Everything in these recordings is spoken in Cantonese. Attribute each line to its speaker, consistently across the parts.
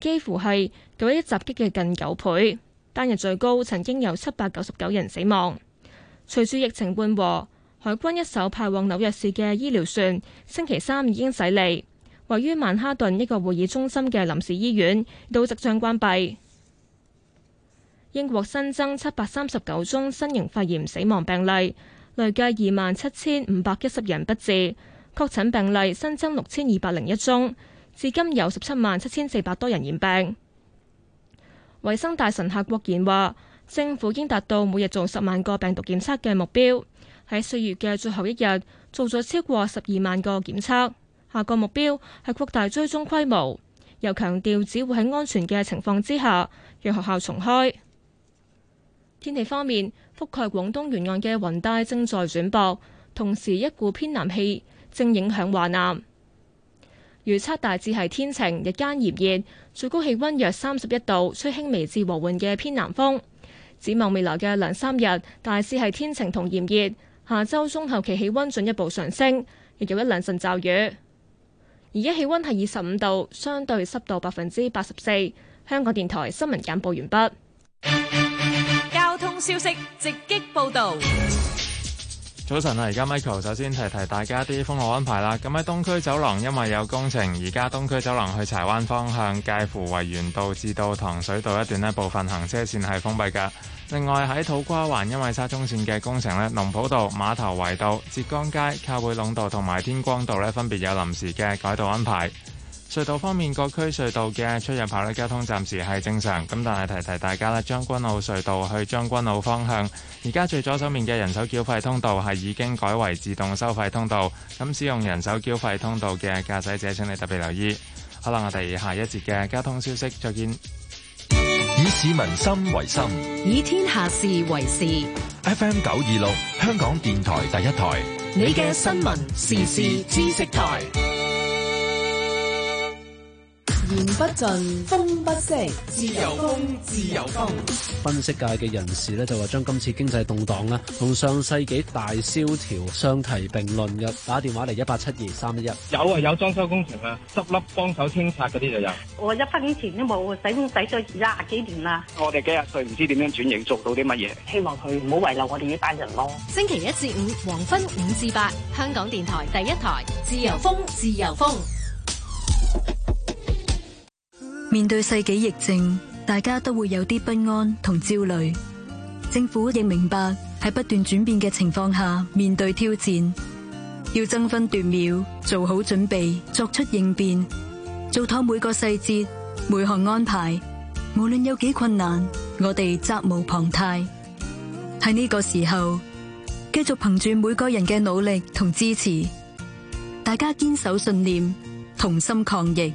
Speaker 1: 幾乎係九一襲擊嘅近九倍，單日最高曾經有七百九十九人死亡。隨住疫情緩和，海軍一艘派往紐約市嘅醫療船，星期三已經駛離。位於曼哈頓一個會議中心嘅臨時醫院，都即將關閉。英國新增七百三十九宗新型肺炎死亡病例，累計二萬七千五百一十人不治，確診病例新增六千二百零一宗。至今有十七萬七千四百多人染病。衞生大臣夏國賢話：政府已經達到每日做十萬個病毒檢測嘅目標。喺四月嘅最後一日，做咗超過十二萬個檢測。下個目標係擴大追蹤規模，又強調只會喺安全嘅情況之下，讓學校重開。天氣方面，覆蓋廣東沿岸嘅雲帶正在轉薄，同時一股偏南氣正影響華南。預測大致係天晴，日間炎熱，最高氣温約三十一度，吹輕微至和緩嘅偏南風。展望未來嘅兩三日，大致係天晴同炎熱，下周中後期氣温進一步上升，亦有一兩陣驟雨。而家氣温係二十五度，相對濕度百分之八十四。香港電台新聞簡報完畢。交通消息直擊報道。
Speaker 2: 早晨啊！而家 Michael 首先提提大家啲封路安排啦。咁喺東區走廊，因為有工程，而家東區走廊去柴灣方向介乎維園道至到糖水道一段呢部分行車線係封閉噶。另外喺土瓜灣，因為沙中線嘅工程呢，龍浦道、馬頭圍道、浙江街、靠背壟道同埋天光道呢，分別有臨時嘅改道安排。隧道方面，各區隧道嘅出入跑率交通暫時係正常，咁但係提提大家啦，將軍澳隧道去將軍澳方向，而家最左手面嘅人手繳費通道係已經改為自動收費通道，咁使用人手繳費通道嘅駕駛者，請你特別留意。好啦，我哋下一節嘅交通消息，再見。以市民心為心，以天下事為事。FM 九二六，香港電台第一台，你嘅新聞時事知識台。言不盡，風不息，自由風，自由
Speaker 3: 風。分析界嘅人士咧就話將今次
Speaker 4: 經濟動盪咧，同上世紀大蕭條相提並論嘅。打電話嚟一八七二三一一。有啊，有裝修工程啊，執笠幫手清拆嗰啲就有。
Speaker 3: 我一八年前都冇，使工洗咗廿幾年啦。
Speaker 4: 我哋幾廿歲，唔知點樣轉型做到啲乜嘢？
Speaker 3: 希望佢唔好遺漏我哋呢班人咯。星期一至五，黃昏五至八，香港電台第一台，自由風，自由風。面對世紀疫症，大家都會有啲不安同焦慮。政府亦明白喺不斷轉變嘅情況下，面對挑戰，要爭分奪秒做好準備，作出應變，做妥每個細節，每項安排。無論有幾困難，我哋責無旁貸。喺呢個時候，繼續憑住每個人嘅努力同支持，大家堅守信念，同心抗疫。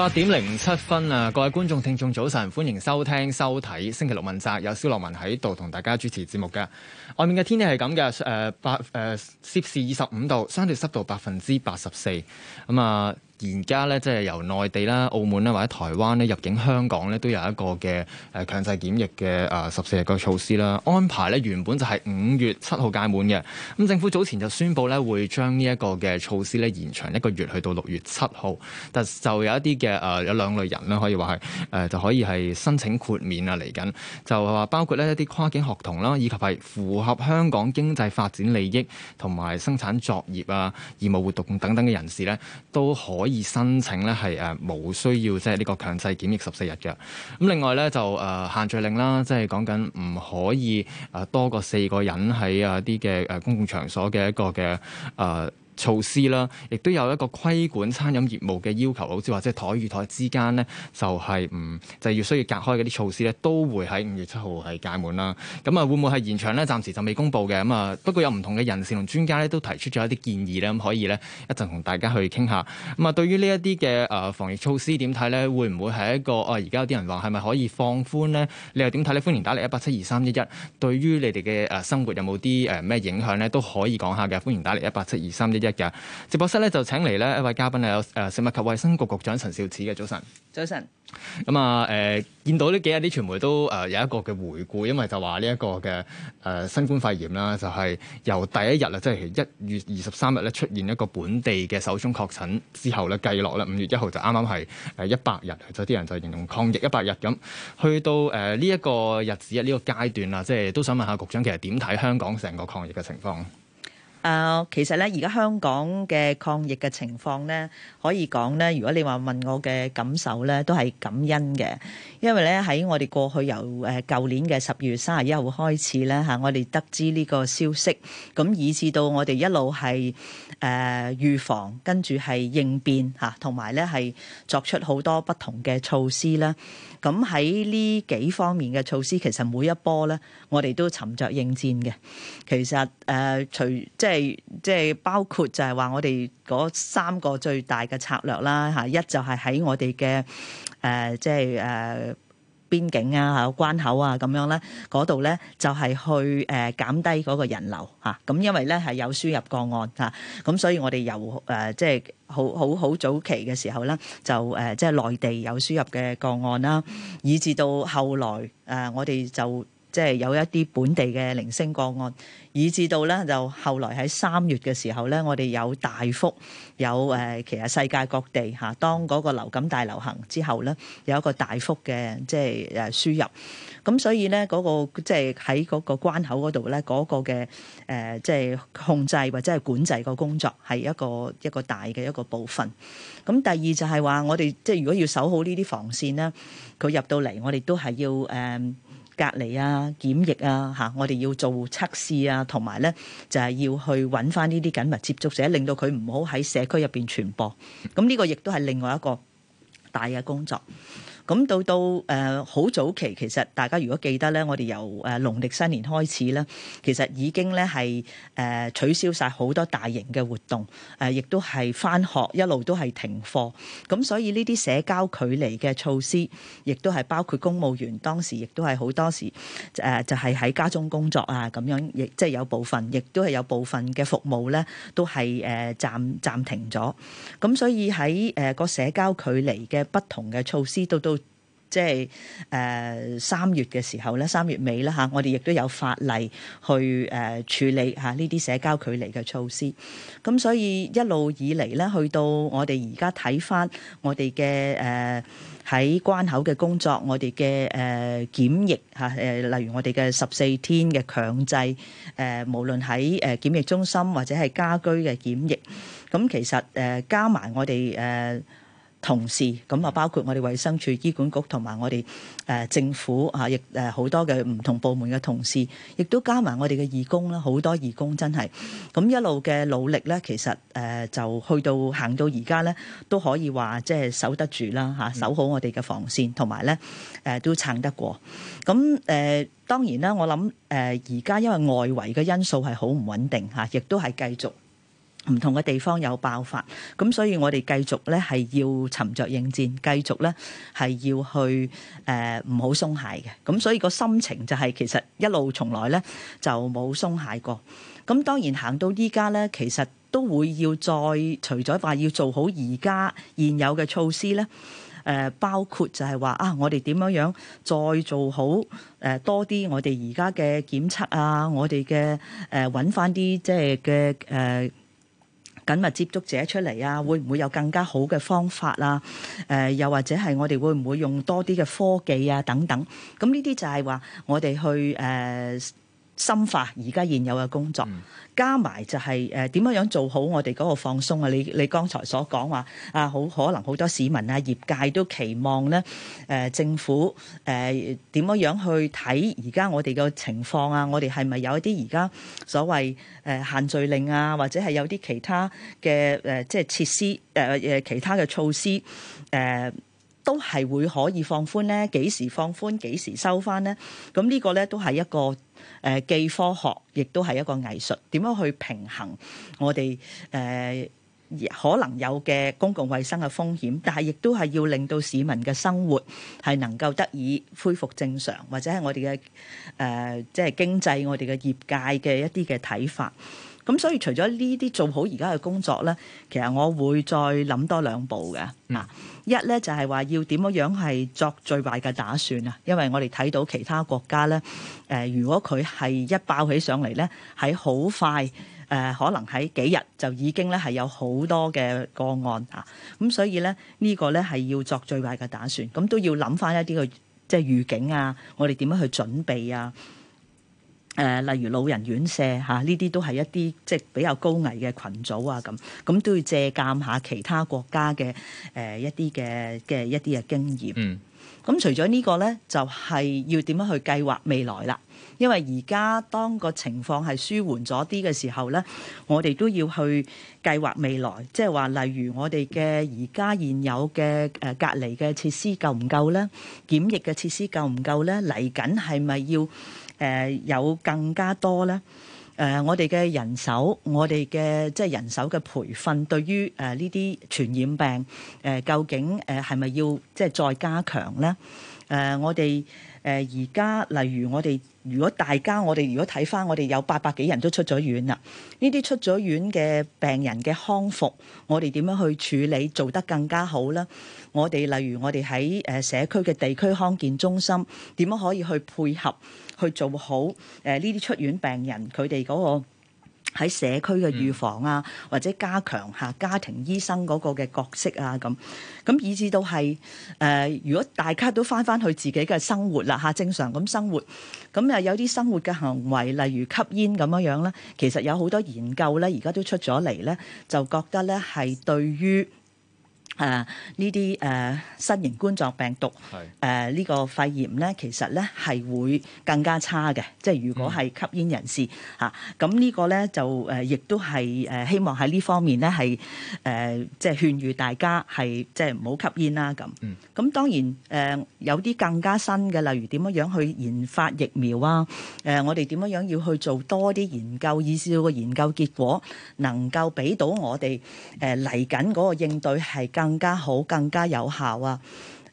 Speaker 4: 八點零七分啊！各位觀眾、聽眾早晨，歡迎收聽、收睇《星期六問責》有蕭文，有蕭樂文喺度同大家主持節目㗎。外面嘅天氣係咁嘅，誒、呃，八誒攝、呃、氏二十五度，相對濕度百分之八十四。咁、嗯、啊。呃而家咧，即係由內地啦、澳門啦或者台灣咧入境香港咧，都有一個嘅誒強制檢疫嘅誒十四日嘅措施啦。安排咧原本就係五月七號屆滿嘅，咁政府早前就宣佈咧會將呢一個嘅措施咧延長一個月 ,6 月，去到六月七號，但就有一啲嘅誒有兩類人啦可以話係誒就可以係申請豁免啊嚟緊。就話包括咧一啲跨境學童啦，以及係符合香港經濟發展利益同埋生產作業啊、義務活動等等嘅人士咧，都可以。以申請咧係誒冇需要即係呢個強制檢疫十四日嘅。咁，另外咧就誒限聚令啦，即係講緊唔可以誒多過四個人喺啊啲嘅誒公共場所嘅一個嘅誒。呃措施啦，亦都有一個規管餐飲業務嘅要求，好似話即係台與台之間咧、就是嗯，就係唔就要需要隔開嗰啲措施咧，都會喺五月七號係屆滿啦。咁啊，會唔會係延長咧？暫時就未公布嘅。咁啊，不過有唔同嘅人士同專家咧都提出咗一啲建議咧，咁可以咧一陣同大家去傾下。咁啊，對於呢一啲嘅誒防疫措施點睇咧，會唔會係一個啊？而家有啲人話係咪可以放寬咧？你又點睇咧？歡迎打嚟一八七二三一一。對於你哋嘅誒生活有冇啲誒咩影響咧，都可以講下嘅。歡迎打嚟一八七二三一一。嘅直播室咧就請嚟咧一位嘉賓啊，有誒食物及衞生局局長陳肇始嘅。早晨，
Speaker 5: 早晨。咁
Speaker 4: 啊誒，見到呢幾日啲傳媒都誒有一個嘅回顧，因為就話呢一個嘅誒、呃、新冠肺炎啦，就係由第一、就是、日啊，即係一月二十三日咧出現一個本地嘅首宗確診之後咧，計落咧五月一號就啱啱係誒一百日，就啲人就形容抗疫一百日咁，去到誒呢一個日子啊呢、這個階段啦，即、就、係、是、都想問下局長，其實點睇香港成個抗疫嘅情況？
Speaker 5: 啊、呃，其實咧，而家香港嘅抗疫嘅情況咧，可以講咧，如果你話問我嘅感受咧，都係感恩嘅，因為咧喺我哋過去由誒舊年嘅十二月三十一號開始咧嚇、啊，我哋得知呢個消息，咁以至到我哋一路係誒預防，跟住係應變嚇，同埋咧係作出好多不同嘅措施啦。咁喺呢幾方面嘅措施，其實每一波咧，我哋都沉着應戰嘅。其實誒，除、呃、即係。即係即係包括就係話我哋嗰三個最大嘅策略啦吓，一就係喺我哋嘅誒即係誒邊境啊吓關口啊咁樣咧，嗰度咧就係去誒減低嗰個人流吓，咁因為咧係有輸入個案吓，咁所以我哋由誒即係好好好早期嘅時候咧，就誒即係內地有輸入嘅個案啦，以至到後來誒、呃、我哋就。即係有一啲本地嘅零星個案，以至到咧就後來喺三月嘅時候咧，我哋有大幅有誒，其實世界各地嚇當嗰個流感大流行之後咧，有一個大幅嘅即係誒輸入，咁所以咧嗰個即係喺嗰個關口嗰度咧，嗰個嘅誒即係控制或者係管制個工作係一個一個大嘅一個部分。咁第二就係話我哋即係如果要守好呢啲防線咧，佢入到嚟我哋都係要誒。嗯隔離啊、檢疫啊、嚇、我哋要做測試啊，同埋咧就係要去揾翻呢啲緊密接觸者，令到佢唔好喺社區入邊傳播。咁呢個亦都係另外一個大嘅工作。咁到到誒，好早期，其實大家如果記得咧，我哋由誒農曆新年開始咧，其實已經咧係，誒取消晒好多大型嘅活動，誒亦都係翻學，一路都係停課，咁所以呢啲社交距離嘅措施，亦都係包括公務員當時亦都係好多時誒就係喺家中工作啊，咁樣，亦即係有部分，亦都係有部分嘅服務咧，都係誒暫暫停咗。咁所以喺誒個社交距離嘅不同嘅措施，到到。即係誒三月嘅時候咧，三月尾啦嚇，我哋亦都有法例去誒處理嚇呢啲社交距離嘅措施。咁所以一路以嚟咧，去到我哋而家睇翻我哋嘅誒喺關口嘅工作，我哋嘅誒檢疫嚇誒，例如我哋嘅十四天嘅強制誒、呃，無論喺誒、呃、檢疫中心或者係家居嘅檢疫。咁其實誒、呃、加埋我哋誒。呃同事咁啊，包括我哋衛生署醫管局同埋我哋誒政府吓，亦誒好多嘅唔同部門嘅同事，亦都加埋我哋嘅義工啦，好多義工真係，咁一路嘅努力咧，其實誒就去到行到而家咧，都可以話即係守得住啦吓，守好我哋嘅防線同埋咧誒都撐得過，咁誒當然啦，我諗誒而家因為外圍嘅因素係好唔穩定吓，亦都係繼續。唔同嘅地方有爆發，咁所以我哋繼續咧係要沉著應戰，繼續咧係要去誒唔好鬆懈嘅。咁所以個心情就係、是、其實一路從來咧就冇鬆懈過。咁當然行到依家咧，其實都會要再除咗話要做好而家現有嘅措施咧，誒、呃、包括就係話啊，我哋點樣樣再做好誒、呃、多啲我哋而家嘅檢測啊，我哋嘅誒搵返啲即係嘅誒。呃緊密接觸者出嚟啊，會唔會有更加好嘅方法啊？呃，又或者係我哋會唔會用多啲嘅科技啊？等等，咁呢啲就係話我哋去誒。呃深化而家現有嘅工作，加埋就係誒點樣樣做好我哋嗰個放鬆啊。你你剛才所講話啊，好可能好多市民啊、業界都期望咧誒、呃、政府誒點樣樣去睇而家我哋嘅情況啊，我哋係咪有一啲而家所謂誒、呃、限聚令啊，或者係有啲其他嘅誒、呃、即係設施誒誒、呃、其他嘅措施誒、呃、都係會可以放寬咧？幾時放寬？幾時收翻咧？咁呢個咧都係一個。誒、呃，既科學，亦都係一個藝術。點樣去平衡我哋誒、呃、可能有嘅公共衛生嘅風險，但係亦都係要令到市民嘅生活係能夠得以恢復正常，或者係我哋嘅誒，即係經濟，我哋嘅業界嘅一啲嘅睇法。咁、嗯、所以除咗呢啲做好而家嘅工作咧，其實我會再諗多兩步嘅嗱、啊，一咧就係、是、話要點樣，樣係作最壞嘅打算啊，因為我哋睇到其他國家咧，誒、呃，如果佢係一爆起上嚟咧，喺好快誒、呃，可能喺幾日就已經咧係有好多嘅個案啊，咁、嗯、所以咧呢、這個咧係要作最壞嘅打算，咁、嗯、都要諗翻一啲嘅即係預警啊，我哋點樣去準備啊？誒，例如老人院舍吓，呢啲都係一啲即係比較高危嘅群組啊，咁，咁都要借鑒下其他國家嘅誒一啲嘅嘅一啲嘅經驗。嗯，咁除咗呢個咧，就係要點樣去計劃未來啦。因為而家當個情況係舒緩咗啲嘅時候咧，我哋都要去計劃未來，即係話例如我哋嘅而家現有嘅誒隔離嘅設施夠唔夠咧？檢疫嘅設施夠唔夠咧？嚟緊係咪要？誒、呃、有更加多咧，誒、呃、我哋嘅人手，我哋嘅即係人手嘅培訓，對於誒呢啲傳染病、呃、究竟誒係咪要即係再加強咧？誒、呃、我哋而家例如我哋，如果大家我哋如果睇翻我哋有八百幾人都出咗院啦，呢啲出咗院嘅病人嘅康復，我哋點樣去處理做得更加好咧？我哋例如我哋喺誒社區嘅地區康健中心，點樣可以去配合？去做好誒呢啲出院病人佢哋嗰個喺社區嘅預防啊，或者加強下家庭醫生嗰個嘅角色啊，咁咁以至到係誒、呃、如果大家都翻翻去自己嘅生活啦吓、啊、正常咁生活，咁啊有啲生活嘅行為，例如吸煙咁樣樣咧，其實有好多研究咧，而家都出咗嚟咧，就覺得咧，係對於。誒呢啲誒新型冠狀病毒，係誒呢個肺炎咧，其實咧係會更加差嘅。即係如果係吸煙人士吓，咁、嗯啊這個、呢個咧就誒亦、呃、都係誒希望喺呢方面咧係誒即係勸喻大家係即係唔好吸煙啦咁。咁、嗯、當然誒、呃、有啲更加新嘅，例如點樣樣去研發疫苗啊？誒、呃、我哋點樣樣要去做多啲研究，以至個研究結果能夠俾到我哋誒嚟緊嗰個應對係更。更加好、更加有效啊！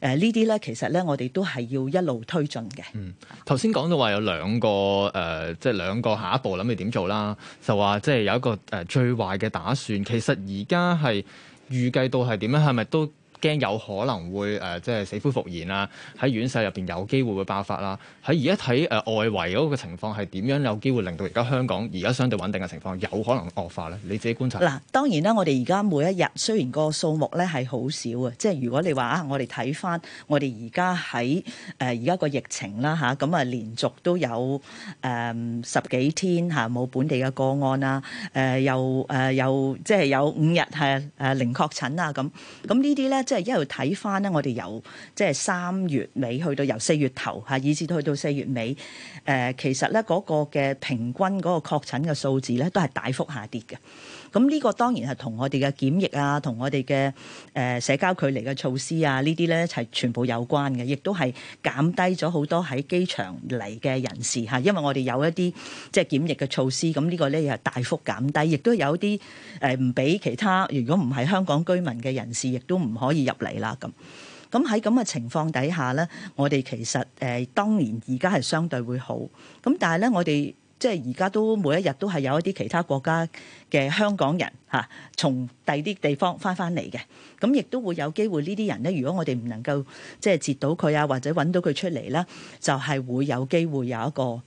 Speaker 5: 誒、呃，這些呢啲咧，其實咧，我哋都係要一路推進嘅。嗯，頭
Speaker 4: 先講到話有兩個，誒、呃，即係兩個下一步諗住點做啦，就話即係有一個誒、呃，最壞嘅打算。其實而家係預計到係點樣？係咪都？驚有可能會誒、呃，即係死灰復燃啦！喺院世入邊有機會會爆發啦。喺而家睇誒外圍嗰個情況係點樣，有機會令到而家香港而家相對穩定嘅情況有可能惡化咧？你自己觀察。嗱，
Speaker 5: 當然啦，我哋而家每一日雖然個數目咧係好少啊，即係如果你話、呃、啊，我哋睇翻我哋而家喺誒而家個疫情啦吓咁啊連續都有誒、呃、十幾天吓冇、啊、本地嘅個案啊，誒又誒又、呃、即係有五日係誒零確診啊咁，咁呢啲咧？即係一路睇返咧，我哋由即係三月尾去到由四月頭嚇，以至去到四月尾，誒其實咧嗰個嘅平均嗰個確診嘅數字咧，都係大幅下跌嘅。咁呢個當然係同我哋嘅檢疫啊，同我哋嘅誒社交距離嘅措施啊，呢啲咧係全部有關嘅，亦都係減低咗好多喺機場嚟嘅人士嚇，因為我哋有一啲即係檢疫嘅措施，咁、這、呢個咧又大幅減低，亦都有啲誒唔俾其他如果唔係香港居民嘅人士，亦都唔可以入嚟啦咁。咁喺咁嘅情況底下咧，我哋其實誒當年而家係相對會好，咁但係咧我哋。即係而家都每一日都係有一啲其他國家嘅香港人嚇、啊，從第啲地方返返嚟嘅，咁亦都會有機會呢啲人呢，如果我哋唔能夠即係截到佢啊，或者揾到佢出嚟呢，就係、是、會有機會有一個。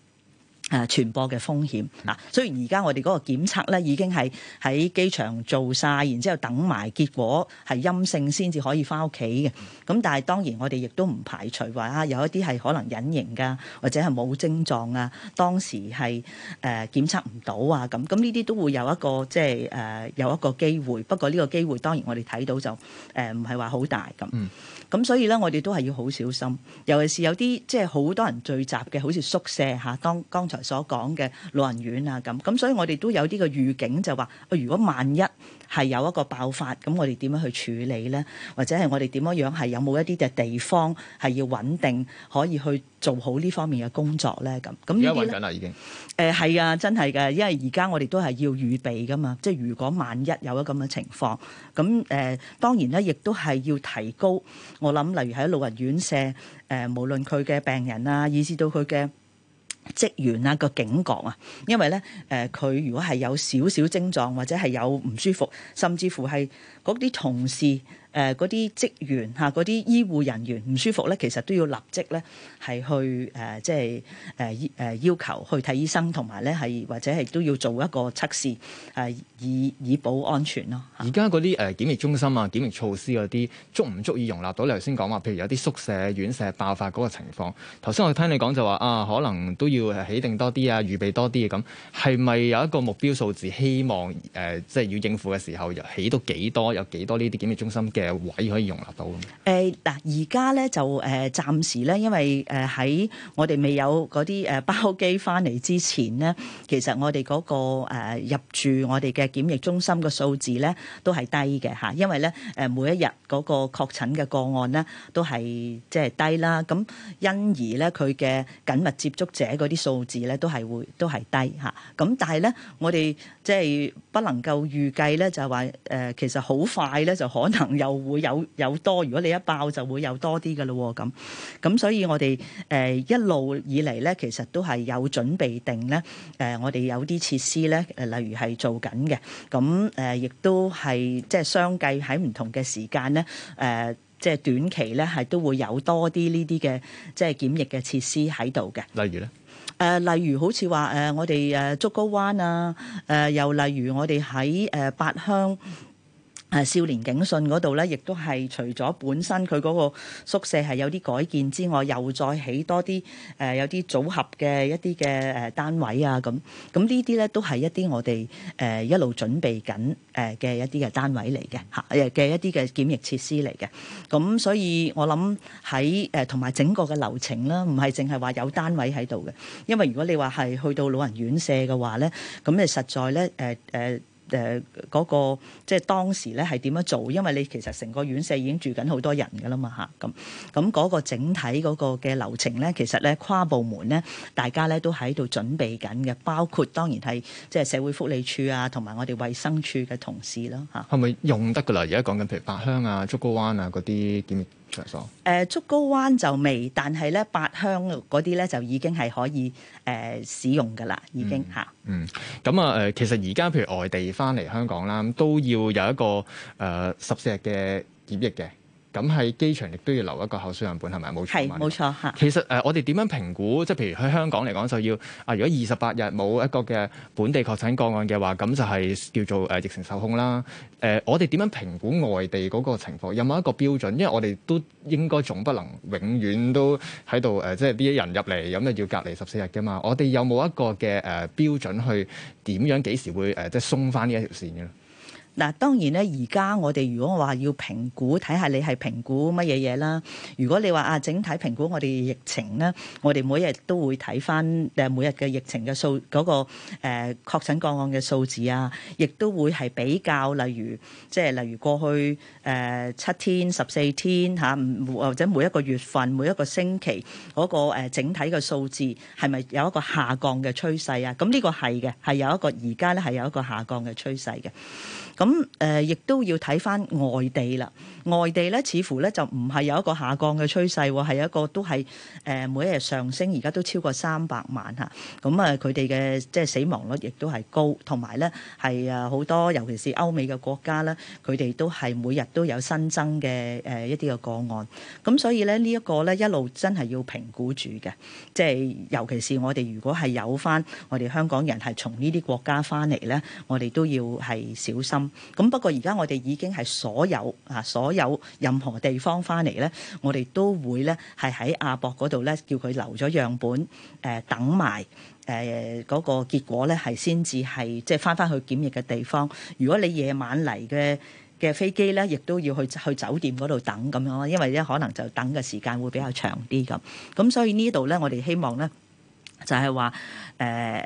Speaker 5: 誒、啊、傳播嘅風險嗱、啊，雖然而家我哋嗰個檢測咧已經係喺機場做晒，然之後等埋結果係陰性先至可以翻屋企嘅。咁、嗯、但係當然我哋亦都唔排除話、啊、有一啲係可能隱形㗎，或者係冇症狀啊，當時係誒、呃、檢測唔到啊。咁咁呢啲都會有一個即係、就是呃、有一個機會。不過呢個機會當然我哋睇到就唔係話好大咁。嗯咁所以咧，我哋都係要好小心，尤其是有啲即係好多人聚集嘅，好似宿舍吓、啊，當剛才所講嘅老人院啊咁。咁所以我哋都有啲個預警，就話、啊，如果萬一，係有一個爆發，咁我哋點樣去處理咧？或者係我哋點樣樣係有冇一啲嘅地方係要穩定，可以去做好呢方面嘅工作咧？咁咁呢啲，而家運緊啦，已經誒係啊，真係㗎，因為而家我哋都係要預備㗎嘛，即係如果萬一有咗咁嘅情況，咁誒、呃、當然咧，亦都係要提高我諗，例如喺老人院舍誒、呃，無論佢嘅病人啊，以至到佢嘅。職員啊，個警覺啊，因為咧，誒佢如果係有少少症狀，或者係有唔舒服，甚至乎係嗰啲同事。誒嗰啲職員嚇，嗰、啊、啲醫護人員唔舒服咧，其實都要立即咧係去誒，即係誒誒要求去睇醫生，同埋咧係或者係都要做一個測試，係、啊、以以保安全咯。
Speaker 4: 而家嗰啲誒檢疫中心啊，檢疫措施嗰啲足唔足以容納到？你頭先講話，譬如有啲宿舍院舍爆發嗰個情況，頭先我聽你講就話啊，可能都要起定多啲啊，預備多啲嘅咁，係咪有一個目標數字？希望誒即係要應付嘅時候又起到幾多？有幾多呢啲檢疫中心嘅？嘅位可以容納到。
Speaker 5: 誒，嗱，而家咧就誒暫時咧，因為誒喺我哋未有嗰啲誒包機翻嚟之前咧，其實我哋嗰個誒入住我哋嘅檢疫中心嘅數字咧都係低嘅吓，因為咧誒每一日嗰個確診嘅個案咧都係即係低啦，咁因而咧佢嘅緊密接觸者嗰啲數字咧都係會都係低吓，咁但係咧，我哋即係不能夠預計咧，就係話誒其實好快咧就可能有。會有有多，如果你一爆就會有多啲嘅咯咁。咁所以我哋誒、呃、一路以嚟咧，其實都係有準備定咧。誒、呃，我哋有啲設施咧，例如係做緊嘅。咁誒、呃，亦都係即係相繼喺唔同嘅時間咧。誒、呃，即係短期咧，係都會有多啲呢啲嘅即係檢疫嘅設施喺度嘅。例如咧，誒、呃，例如好似話誒，我哋誒竹篙灣啊，誒、呃，又例如我哋喺誒八鄉。誒少年警訊嗰度咧，亦都係除咗本身佢嗰個宿舍係有啲改建之外，又再起多啲誒、呃、有啲組合嘅一啲嘅誒單位啊，咁咁呢啲咧都係一啲我哋誒、呃、一路準備緊誒嘅一啲嘅單位嚟嘅嚇，嘅、啊、一啲嘅檢疫設施嚟嘅。咁所以我諗喺誒同埋整個嘅流程啦，唔係淨係話有單位喺度嘅，因為如果你話係去到老人院舍嘅話咧，咁你實在咧誒誒。呃呃誒嗰、呃嗰個即係當時咧係點樣做？因為你其實成個院舍已經住緊好多人㗎啦嘛嚇，咁咁嗰個整體嗰個嘅流程咧，其實咧跨部門咧，大家咧都喺度準備緊嘅，包括當然係即係社會福利署啊，同埋我哋衛生署嘅同事啦嚇。
Speaker 4: 係咪用得㗎啦？而家講緊譬如八鄉啊、竹篙灣啊嗰啲檢。那
Speaker 5: 誒，竹篙、呃、灣就未，但係咧八鄉嗰啲咧就已經係可以誒、呃、使用噶啦，已經嚇、嗯。嗯，
Speaker 4: 咁啊誒，其實而家譬如外地翻嚟香港啦，都要有一個誒十四日嘅檢疫嘅。咁喺機場亦都要留一個口水樣本係咪？冇錯，係冇錯其實、呃、我哋點樣評估？即係譬如喺香港嚟講，就要啊、呃，如果二十八日冇一個嘅本地確診個案嘅話，咁就係叫做誒、呃、疫情受控啦。呃、我哋點樣評估外地嗰個情況有冇一個標準？因為我哋都應該總不能永遠都喺度、呃、即係啲人入嚟，咁就要隔離十四日㗎嘛？我哋有冇一個嘅誒、呃、標準去點樣幾時會誒、呃、即鬆翻呢一
Speaker 5: 條線嘅？嗱，當然咧，而家我哋如果話要評估，睇下你係評估乜嘢嘢啦。如果你話啊整體評估我哋疫情咧，我哋每日都會睇翻誒每日嘅疫情嘅數嗰個誒確診個案嘅數字啊，亦都會係比較，例如即係例如過去誒七天、十四天嚇，或者每一個月份、每一個星期嗰個誒整體嘅數字係咪有一個下降嘅趨勢啊？咁呢個係嘅，係有一個而家咧係有一個下降嘅趨勢嘅。咁、呃、亦都要睇翻外地啦。外地咧，似乎咧就唔係有一個下降嘅趨勢，係一個都係、呃、每日上升，而家都超過三百萬嚇。咁啊，佢哋嘅即係死亡率亦都係高，同埋咧係啊好多，尤其是歐美嘅國家咧，佢哋都係每日都有新增嘅、呃、一啲嘅個個案。咁所以咧呢、呢個、呢一個咧一路真係要評估住嘅，即係尤其是我哋如果係有翻我哋香港人係從呢啲國家翻嚟咧，我哋都要係小心。咁不過而家我哋已經係所有啊，所有任何地方翻嚟咧，我哋都會咧係喺亞博嗰度咧叫佢留咗樣本，誒、呃、等埋誒嗰個結果咧係先至係即係翻翻去檢疫嘅地方。如果你夜晚嚟嘅嘅飛機咧，亦都要去去酒店嗰度等咁樣，因為咧可能就等嘅時間會比較長啲咁。咁所以這裏呢度咧，我哋希望咧就係話誒，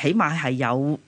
Speaker 5: 起碼係有。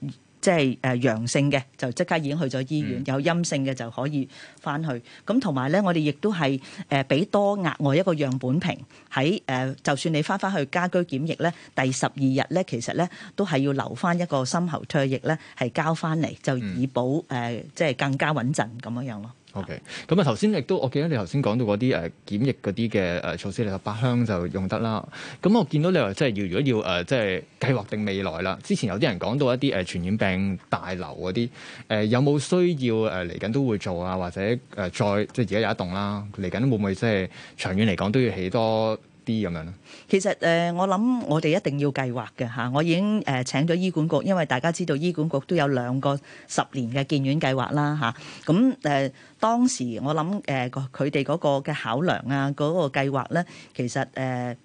Speaker 5: 即係誒陽性嘅就即刻已經去咗醫院，有陰性嘅就可以翻去。咁同埋咧，我哋亦都係誒俾多額外一個樣本瓶喺誒，就算你翻翻去家居檢疫咧，第十二日咧，其實咧都係要留翻一個深喉唾液咧，係交翻嚟就以保誒，即、呃、係、就是、更加穩陣咁樣樣咯。O.K.
Speaker 4: 咁啊，頭先亦都，我記得你頭先講到嗰啲誒檢疫嗰啲嘅誒措施，你話八鄉就用得啦。咁我見到你話即係要，如果要誒、啊、即係計劃定未來啦。之前有啲人講到一啲誒、啊、傳染病大樓嗰啲誒，有冇需要誒嚟緊都會做啊？或者誒、啊、再即係而家有一棟啦，嚟緊會唔
Speaker 5: 會即係長遠嚟講都要起多？啲咁樣咧，其實誒、呃，我諗我哋一定要計劃嘅嚇，我已經誒、呃、請咗醫管局，因為大家知道醫管局都有兩個十年嘅建院計劃啦嚇，咁、啊、誒、呃、當時我諗誒佢哋嗰個嘅考量啊，嗰、那個計劃咧，其實誒、呃、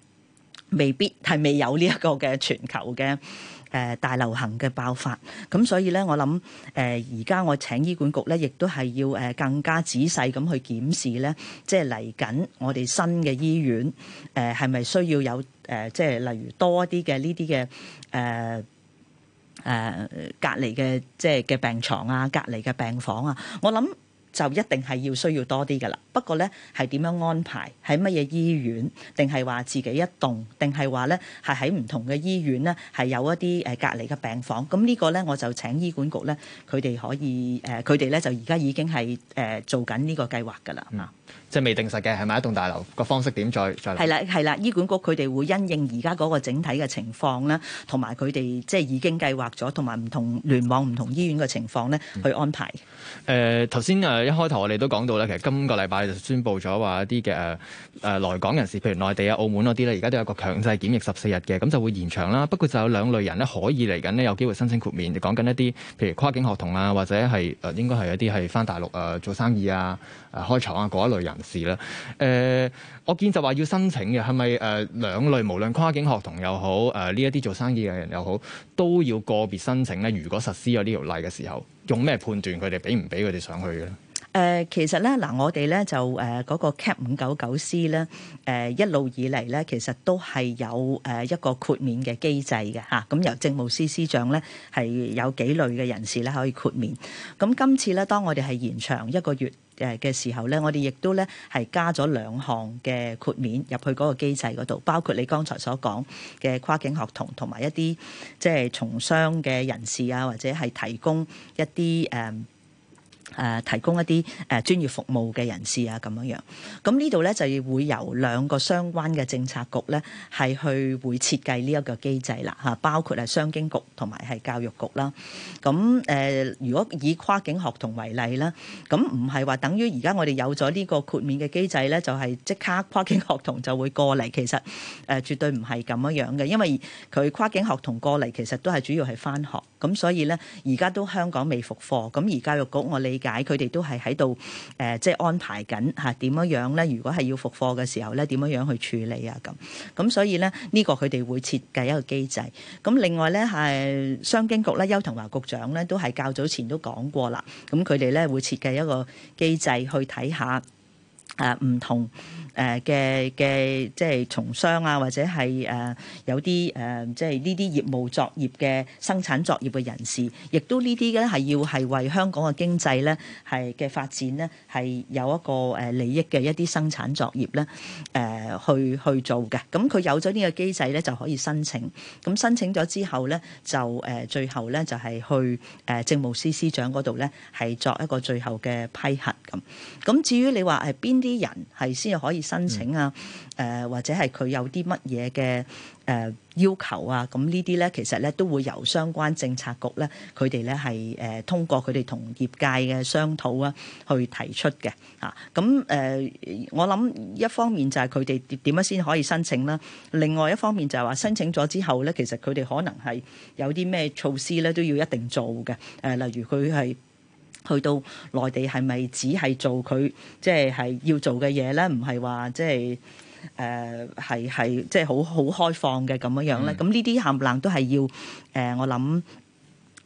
Speaker 5: 未必係未有呢一個嘅全球嘅。誒、呃、大流行嘅爆發，咁所以咧，我諗誒而家我請醫管局咧，亦都係要誒更加仔細咁去檢視咧，即係嚟緊我哋新嘅醫院，誒係咪需要有誒、呃，即係例如多啲嘅呢啲嘅誒誒隔離嘅即係嘅病床啊，隔離嘅病房啊，我諗。就一定係要需要多啲㗎喇，不過呢係點樣安排喺乜嘢醫院，定係話自己一棟，定係話呢係喺唔同嘅醫院呢係有一啲誒隔離嘅病房，咁呢個呢我就請醫管局呢佢哋可以誒佢哋呢就而家已經係誒、呃、做緊呢個計劃㗎喇啊！Mm hmm. 即係未定實嘅係咪一棟大樓個方式點再，再再？係啦係啦，醫管局佢哋會因應而家嗰個整體嘅情況啦，同埋佢哋即係已經計劃咗，同埋唔同聯網唔同醫院嘅情況咧，去安排。
Speaker 4: 誒頭先誒一開頭我哋都講到咧，其實今個禮拜就宣布咗話一啲嘅誒誒來港人士，譬如內地啊、澳門嗰啲咧，而家都有個強制檢疫十四日嘅，咁就會延長啦。不過就有兩類人咧可以嚟緊呢，有機會申請豁免，講緊一啲譬如跨境學童啊，或者係誒應該係一啲係翻大陸誒做生意啊、誒開廠啊嗰一類。人士啦，誒、呃，我見就話要申請嘅係咪誒兩類，無論跨境學童又好，誒呢一啲做生意嘅人又好，都要個別申請咧。如果實施咗呢條例嘅時候，用咩判斷佢哋俾唔俾佢哋上去嘅咧？
Speaker 5: 誒、呃，其實咧嗱，我哋咧就誒嗰、呃嗰個 Cap 五九九 C 咧，誒、呃、一路以嚟咧，其實都係有誒、呃、一個豁免嘅機制嘅嚇。咁、啊、由政務司司長咧係有幾類嘅人士咧可以豁免。咁、嗯、今次咧，當我哋係延長一個月，嘅嘅時候咧，我哋亦都咧係加咗兩項嘅豁免入去嗰個機制嗰度，包括你剛才所講嘅跨境學童，同埋一啲即係從商嘅人士啊，或者係提供一啲誒。嗯誒提供一啲誒專業服務嘅人士啊，咁樣樣。咁呢度咧就會由兩個相關嘅政策局咧係去會設計呢一個機制啦嚇，包括係商經局同埋係教育局啦。咁誒，如果以跨境學童為例啦，咁唔係話等於而家我哋有咗呢個豁免嘅機制咧，就係即刻跨境學童就會過嚟。其實誒絕對唔係咁樣樣嘅，因為佢跨境學童過嚟其實都係主要係翻學。咁所以咧，而家都香港未復課。咁而教育局我理解。解佢哋都係喺度，誒、呃，即係安排緊吓點樣樣咧？如果係要復課嘅時候咧，點樣樣去處理啊？咁咁，所以咧呢、呢個佢哋會設計一個機制。咁另外咧係、啊、商經局咧，邱騰華局長咧都係較早前都講過啦。咁佢哋咧會設計一個機制去睇下。誒唔、呃、同誒嘅嘅，即係從商啊，或者係誒、呃、有啲誒、呃，即係呢啲業務作業嘅生產作業嘅人士，亦都呢啲咧，係要係為香港嘅經濟咧係嘅發展咧係有一個誒利益嘅一啲生產作業咧誒、呃、去去做嘅。咁佢有咗呢個機制咧，就可以申請，咁申請咗之後咧，就誒最後咧就係、是、去誒、呃、政務司司長嗰度咧，係作一個最後嘅批核咁。咁至於你話係邊啲？啲人係先至可以申請啊，誒或者係佢有啲乜嘢嘅誒要求啊，咁呢啲咧其實咧都會由相關政策局咧，佢哋咧係誒通過佢哋同業界嘅商討啊，去提出嘅啊。咁誒，我諗一方面就係佢哋點點樣先可以申請啦，另外一方面就係話申請咗之後咧，其實佢哋可能係有啲咩措施咧都要一定做嘅，誒例如佢係。去到內地係咪只係做佢即係係要做嘅嘢咧？唔係話即係誒係係即係好好開放嘅咁樣樣咧？咁呢啲冚唪唥都係要誒、呃、我諗誒、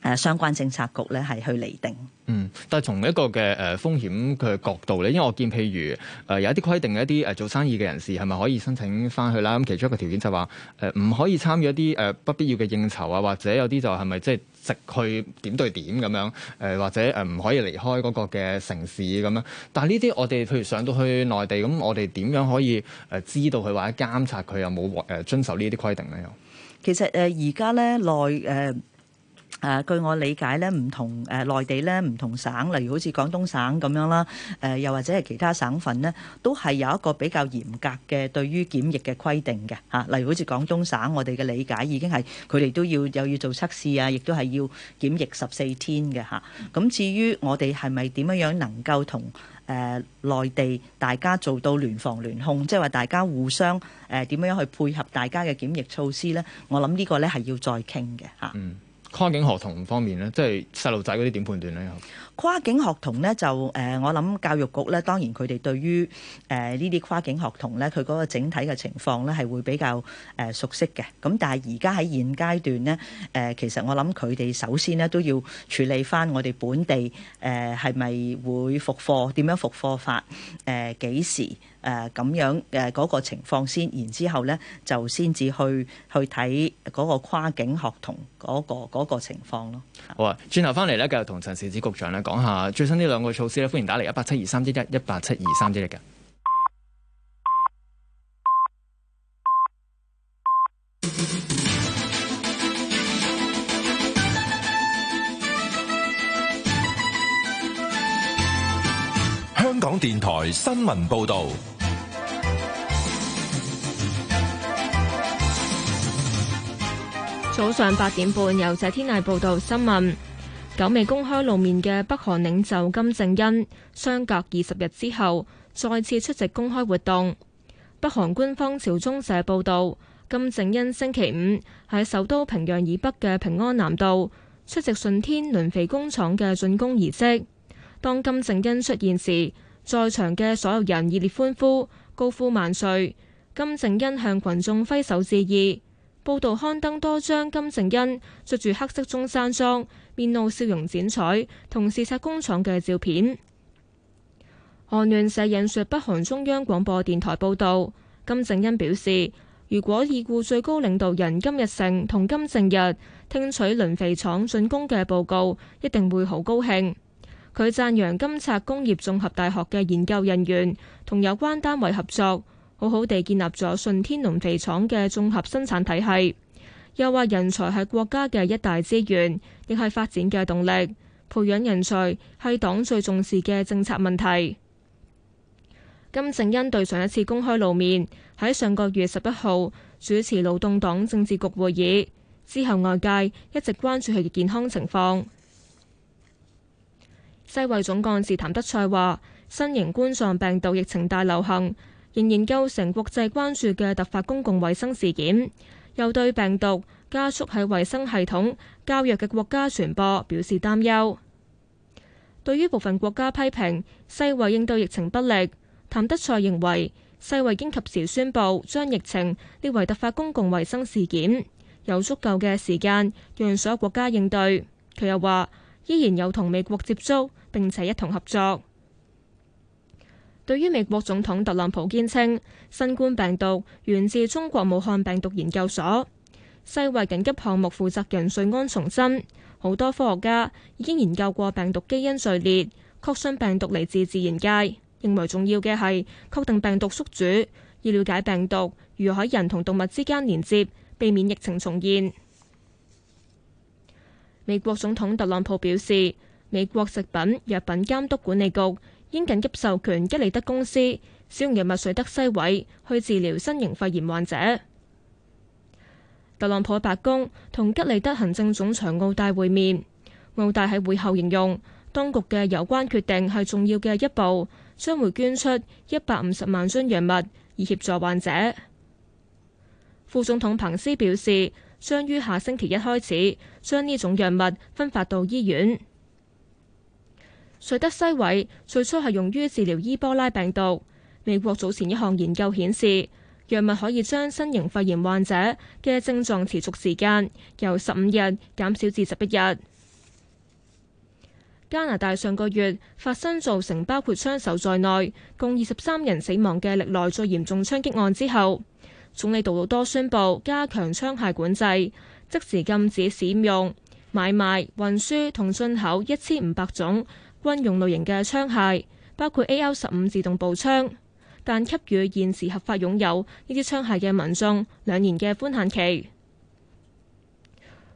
Speaker 5: 呃、相關政策局咧係去釐定。
Speaker 4: 嗯，但係從一個嘅誒風險嘅角度咧，因為我見譬如誒有一啲規定一啲誒做生意嘅人士係咪可以申請翻去啦？咁其中一個條件就話誒唔可以參與一啲誒不必要嘅應酬啊，或者有啲就係咪即係直去點對點咁樣誒，或者誒唔可以離開嗰個嘅城市咁樣。但係呢啲我哋譬如上到去內地咁，我哋點樣可以誒知道佢或者監察佢有冇誒遵守呢啲規定咧？其實
Speaker 5: 誒而家咧內誒。誒，據我理解咧，唔同誒內地咧，唔同省，例如好似廣東省咁樣啦，誒又或者係其他省份呢，都係有一個比較嚴格嘅對於檢疫嘅規定嘅嚇。例如好似廣東省，我哋嘅理解已經係佢哋都要又要做測試啊，亦都係要檢疫十四天嘅嚇。咁至於我哋係咪點樣樣能夠同誒、呃、內地大家做到聯防聯控，即係話大家互相誒點樣樣去配合大家嘅檢疫措施呢？我諗呢個呢係要再傾嘅嚇。嗯。
Speaker 4: 跨境學童方面呢，即係細路仔嗰啲點判斷呢？
Speaker 5: 跨境學童呢，就誒，我諗教育局呢，當然佢哋對於誒呢啲跨境學童呢，佢嗰個整體嘅情況呢，係會比較誒熟悉嘅。咁但係而家喺現階段呢，誒、呃、其實我諗佢哋首先呢都要處理返我哋本地誒係咪會復課，點樣復課法，誒、呃、幾時？誒咁、呃、樣誒嗰、呃那個情況先，然之後呢就先至去去睇嗰個跨境學童嗰、那個那個情況咯。好啊，轉頭翻嚟呢，繼續同陳肇始局
Speaker 4: 長咧講下最新呢兩個措施咧，歡迎打嚟一八七二三一一一八七二三一一嘅。
Speaker 2: 香港電台新聞報道，
Speaker 1: 早上八點半由謝天麗報道新聞。久未公開露面嘅北韓領袖金正恩，相隔二十日之後再次出席公開活動。北韓官方朝中社報道，金正恩星期五喺首都平壤以北嘅平安南道出席順天磷肥工廠嘅竣工儀式。當金正恩出現時，在場嘅所有人熱烈歡呼，高呼萬歲。金正恩向群眾揮手致意。報道刊登多張金正恩著住黑色中山裝，面露笑容，剪彩同視察工廠嘅照片。韓聯社引述北韓中央廣播電台報導，金正恩表示，如果已故最高領導人金日成同金正日聽取磷肥廠進攻嘅報告，一定會好高興。佢讚揚金策工業綜合大學嘅研究人員同有關單位合作，好好地建立咗順天農肥廠嘅綜合生產體系。又話人才係國家嘅一大資源，亦係發展嘅動力，培養人才係黨最重視嘅政策問題。金正恩對上一次公開露面，喺上個月十一號主持勞動黨政治局會議之後，外界一直關注佢嘅健康情況。世衛總幹事譚德賽話：新型冠狀病毒疫情大流行仍然構成國際關注嘅突發公共衛生事件，又對病毒加速喺衛生系統較弱嘅國家傳播表示擔憂。對於部分國家批評世衛應對疫情不力，譚德賽認為世衛經及時宣布將疫情列為突發公共衛生事件，有足夠嘅時間讓所有國家應對。佢又話。依然有同美國接觸並且一同合作。對於美國總統特朗普堅稱新冠病毒源自中國武漢病毒研究所，世衛緊急項目負責人瑞安重申，好多科學家已經研究過病毒基因序列，確信病毒嚟自自然界。認為重要嘅係確定病毒宿主，要了解病毒如何人同動物之間連接，避免疫情重現。美國總統特朗普表示，美國食品藥品監督管理局應緊急授權吉利德公司使用藥物瑞德西韋去治療新型肺炎患者。特朗普喺白宮同吉利德行政總裁奧大會面，奧大喺會後形容當局嘅有關決定係重要嘅一步，將會捐出一百五十萬樽藥物以協助患者。副總統彭斯表示。將於下星期一開始將呢種藥物分發到醫院。瑞德西韋最初係用於治療伊波拉病毒。美國早前一項研究顯示，藥物可以將新型肺炎患者嘅症狀持續時間由十五日減少至十一日。加拿大上個月發生造成包括槍手在內共二十三人死亡嘅歷來最嚴重槍擊案之後。總理杜魯多宣布加強槍械管制，即時禁止使用、買賣、運輸同進口一千五百種軍用類型嘅槍械，包括 AR-15 自動步槍。但給予現時合法擁有呢啲槍械嘅民眾兩年嘅寬限期。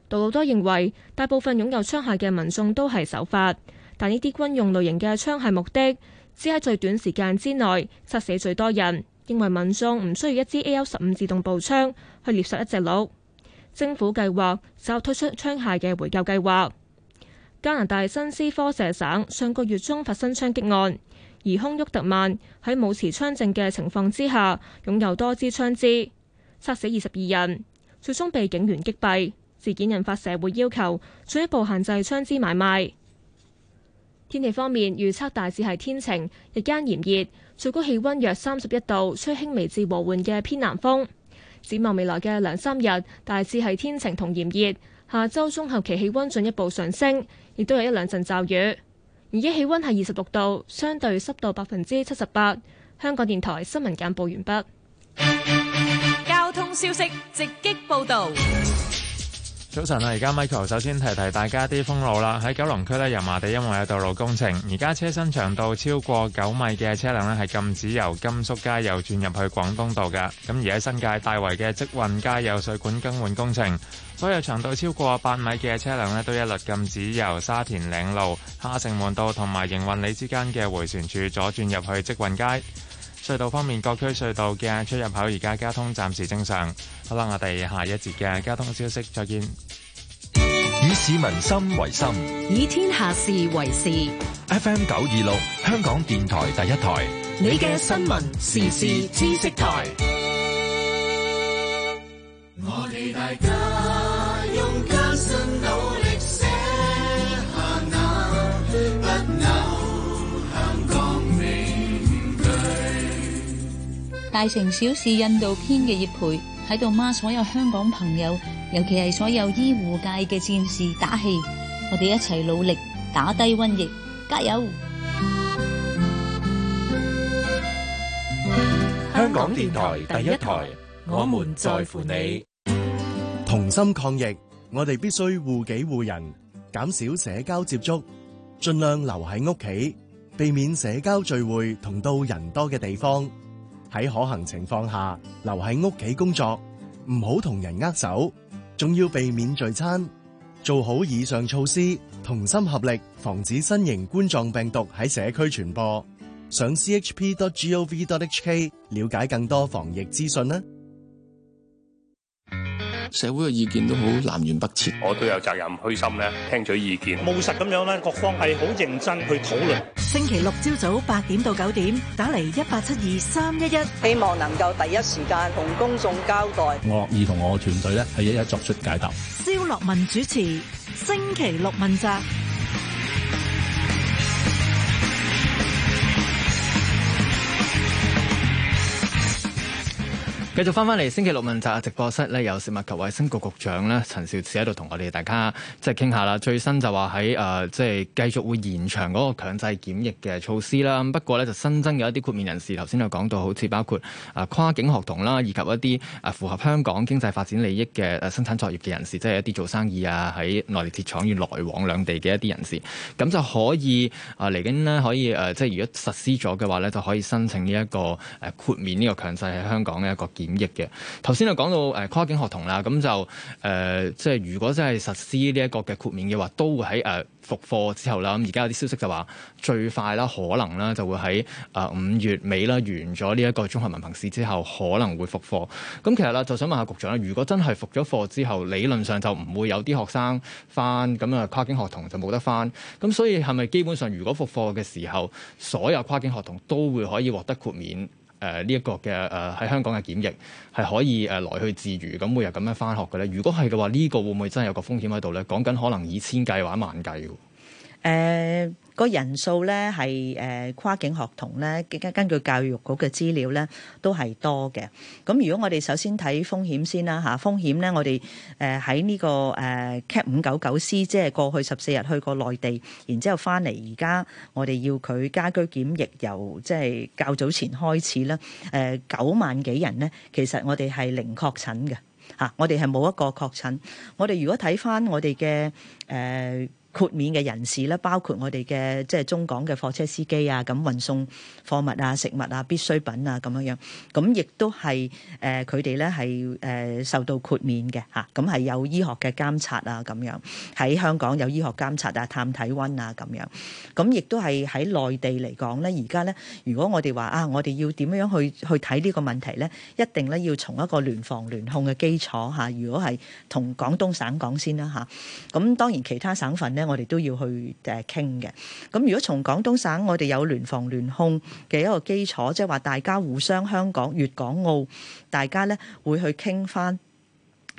Speaker 1: 杜魯多認為大部分擁有槍械嘅民眾都係守法，但呢啲軍用類型嘅槍械目的只喺最短時間之內殺死最多人。認為民眾唔需要一支 AR 十五自動步槍去獵殺一隻鹿，政府計劃就推出槍械嘅回購計劃。加拿大新斯科舍省上個月中發生槍擊案，疑凶沃特曼喺冇持槍證嘅情況之下擁有多支槍，槍支，殺死二十二人，最終被警員擊斃。事件引發社會要求進一步限制槍支買賣。天氣方面預測大致係天晴，日間炎熱。最高氣温約三十一度，吹輕微至和緩嘅偏南風。展望未來嘅兩三日，大致係天晴同炎熱。下周中後期氣温進一步上升，亦都有一兩陣驟雨。而家氣温係二十六度，相對濕度百分之七十八。香港電台新聞簡報完畢。交通消息直擊報道。
Speaker 2: 早晨啊！而家 Michael 首先提提大家啲封路啦。喺九龍區呢，油麻地，因為有道路工程，而家車身長度超過九米嘅車輛呢，係禁止由甘肅街右轉入去廣東道㗎。咁而喺新界大圍嘅積運街有水管更換工程，所有長度超過八米嘅車輛呢，都一律禁止由沙田嶺路、下城門道同埋營運里之間嘅回旋處左轉入去積運街。隧道方面，各區隧道嘅出入口而家交通暫時正常。好啦，我哋下一節嘅交通消息再見。以市民心為心，
Speaker 3: 以天下事為事。
Speaker 2: FM 九二六，香港電台第一台，你嘅新聞時事知識台。我哋大
Speaker 3: 家
Speaker 5: 用。大城小事印度片嘅葉培喺度孖所有香港朋友，尤其係所有醫護界嘅戰士打氣，我哋一齊努力打低瘟疫，
Speaker 2: 加油！香港電台第一台，我們在乎你，
Speaker 4: 同心抗疫，我哋必須護己護人，減少社交接觸，盡量留喺屋企，避免社交聚會同到人多嘅地方。喺可行情況下，留喺屋企工作，唔好同人握手，仲要避免聚餐，做好以上措施，同心合力，防止新型冠狀病毒喺社區傳播。上 c h p g o v dot h k chp.gov.hk 了解更多防疫資訊啦。
Speaker 2: 社會嘅意見都好南轅北轍，我都有責任虛心咧聽取意見，務實咁樣咧，各方係好認真去討論。
Speaker 3: 星期六朝早八點到九點，打嚟一八七二三一一，希
Speaker 5: 望能夠第一時間同公眾交代，
Speaker 2: 我樂意同我團隊咧係一一作出解答。
Speaker 5: 肖樂文主持星期六問責
Speaker 4: 繼續翻翻嚟星期六問責直播室呢，有食物及衛生局局長呢，陳肇始喺度同我哋大家即係傾下啦。最新就話喺即係繼續會延長嗰個強制檢疫嘅措施啦。不過呢，就新增有一啲豁免人士，頭先就講到，好似包括、呃、跨境學童啦，以及一啲符合香港經濟發展利益嘅、呃、生產作業嘅人士，即係一啲做生意啊喺內地設廠要來往兩地嘅一啲人士，咁就可以誒嚟緊呢，呃、可以誒、呃、即係如果實施咗嘅話呢，就可以申請呢一個誒豁免呢個強制喺香港嘅一個檢疫嘅，頭先就講到誒跨境學童啦，咁就誒即係如果真係實施呢一個嘅豁免嘅話，都會喺誒、呃、復課之後啦。咁而家有啲消息就話最快啦，可能啦就會喺誒五月尾啦完咗呢一個中學文憑試之後，可能會復課。咁其實啦，就想問下局長啦，如果真係復咗課之後，理論上就唔會有啲學生返，咁啊跨境學童就冇得返。咁所以係咪基本上，如果復課嘅時候，所有跨境學童都會可以獲得豁免？誒呢一個嘅誒喺香港嘅檢疫係可以誒、呃、來去自如，咁每日咁樣返學嘅咧。如果係嘅話，呢、這
Speaker 5: 個會唔會真係有個風險喺度咧？講緊可能以千計或者萬計。誒個、呃、人數咧係誒跨境學童咧，根據教育局嘅資料咧都係多嘅。咁如果我哋首先睇風險先啦嚇、啊，風險咧我哋誒喺呢個誒 Cap 五九九 C，即係過去十四日去過內地，然之後翻嚟，而家我哋要佢家居檢疫，由即係較早前開始啦。誒、啊、九萬幾人咧，其實我哋係零確診嘅嚇、啊，我哋係冇一個確診。我哋如果睇翻我哋嘅誒。呃豁免嘅人士咧，包括我哋嘅即係中港嘅貨車司機啊，咁運送貨物啊、食物啊、必需品啊咁樣樣，咁亦都係誒佢哋咧係誒受到豁免嘅吓，咁、啊、係有醫學嘅監察啊，咁樣，喺香港有醫學監察啊、探體溫啊咁樣，咁亦都係喺內地嚟講咧，而家咧如果我哋話啊，我哋要點樣去去睇呢個問題咧，一定咧要從一個聯防聯控嘅基礎吓、啊，如果係同廣東省講先啦吓，咁、啊啊、當然其他省份咧。我哋都要去誒傾嘅。咁如果從廣東省，我哋有聯防聯控嘅一個基礎，即係話大家互相香港、粵港澳，大家咧會去傾翻，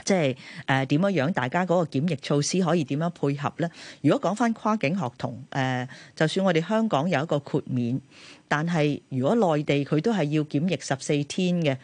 Speaker 5: 即係誒點樣樣，大家嗰個檢疫措施可以點樣配合咧？如果講翻跨境學童，誒、呃，就算我哋香港有一個豁免。但係如果內地佢都係要檢疫十四天嘅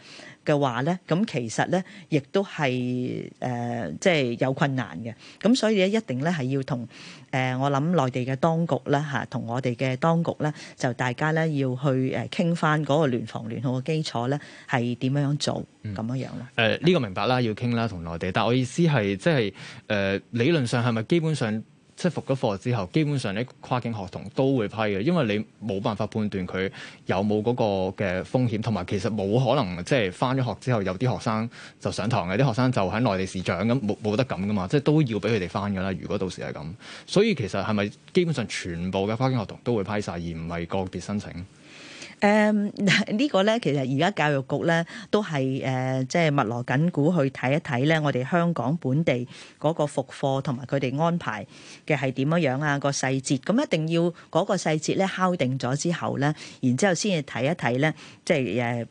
Speaker 5: 嘅話咧，咁其實咧亦都係誒，即係有困難嘅。咁所以咧，一定咧係要同、呃、我諗內地嘅當局啦吓同、啊、我哋嘅當局咧，就大家咧要去誒傾翻嗰個聯防聯控嘅基礎咧，係點樣樣做咁、嗯、樣樣咧？
Speaker 4: 誒呢、呃這個明白啦，要傾啦，同內地。但係我意思係即係誒理論上係咪基本上？即係復咗課之後，基本上咧跨境學童都會批嘅，因為你冇辦法判斷佢有冇嗰個嘅風險，同埋其實冇可能即係返咗學之後有啲學生就上堂，有啲學生就喺內地市長咁冇冇得咁㗎嘛，即係都要俾佢哋返㗎喇。如果到時係咁，所以其實係咪基本上全部嘅跨境學童都會批晒，而唔係個別申請？
Speaker 5: 誒呢個咧，其實而家教育局咧都係誒，即係密鑼緊鼓去睇一睇咧，我哋香港本地嗰個復課同埋佢哋安排嘅係點樣樣啊，個細節，咁一定要嗰個細節咧敲定咗之後咧，然之後先至睇一睇咧，即係。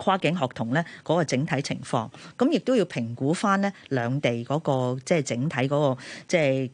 Speaker 5: 跨境學童咧嗰個整體情況，咁亦都要評估翻咧兩地嗰個即係整體嗰個即係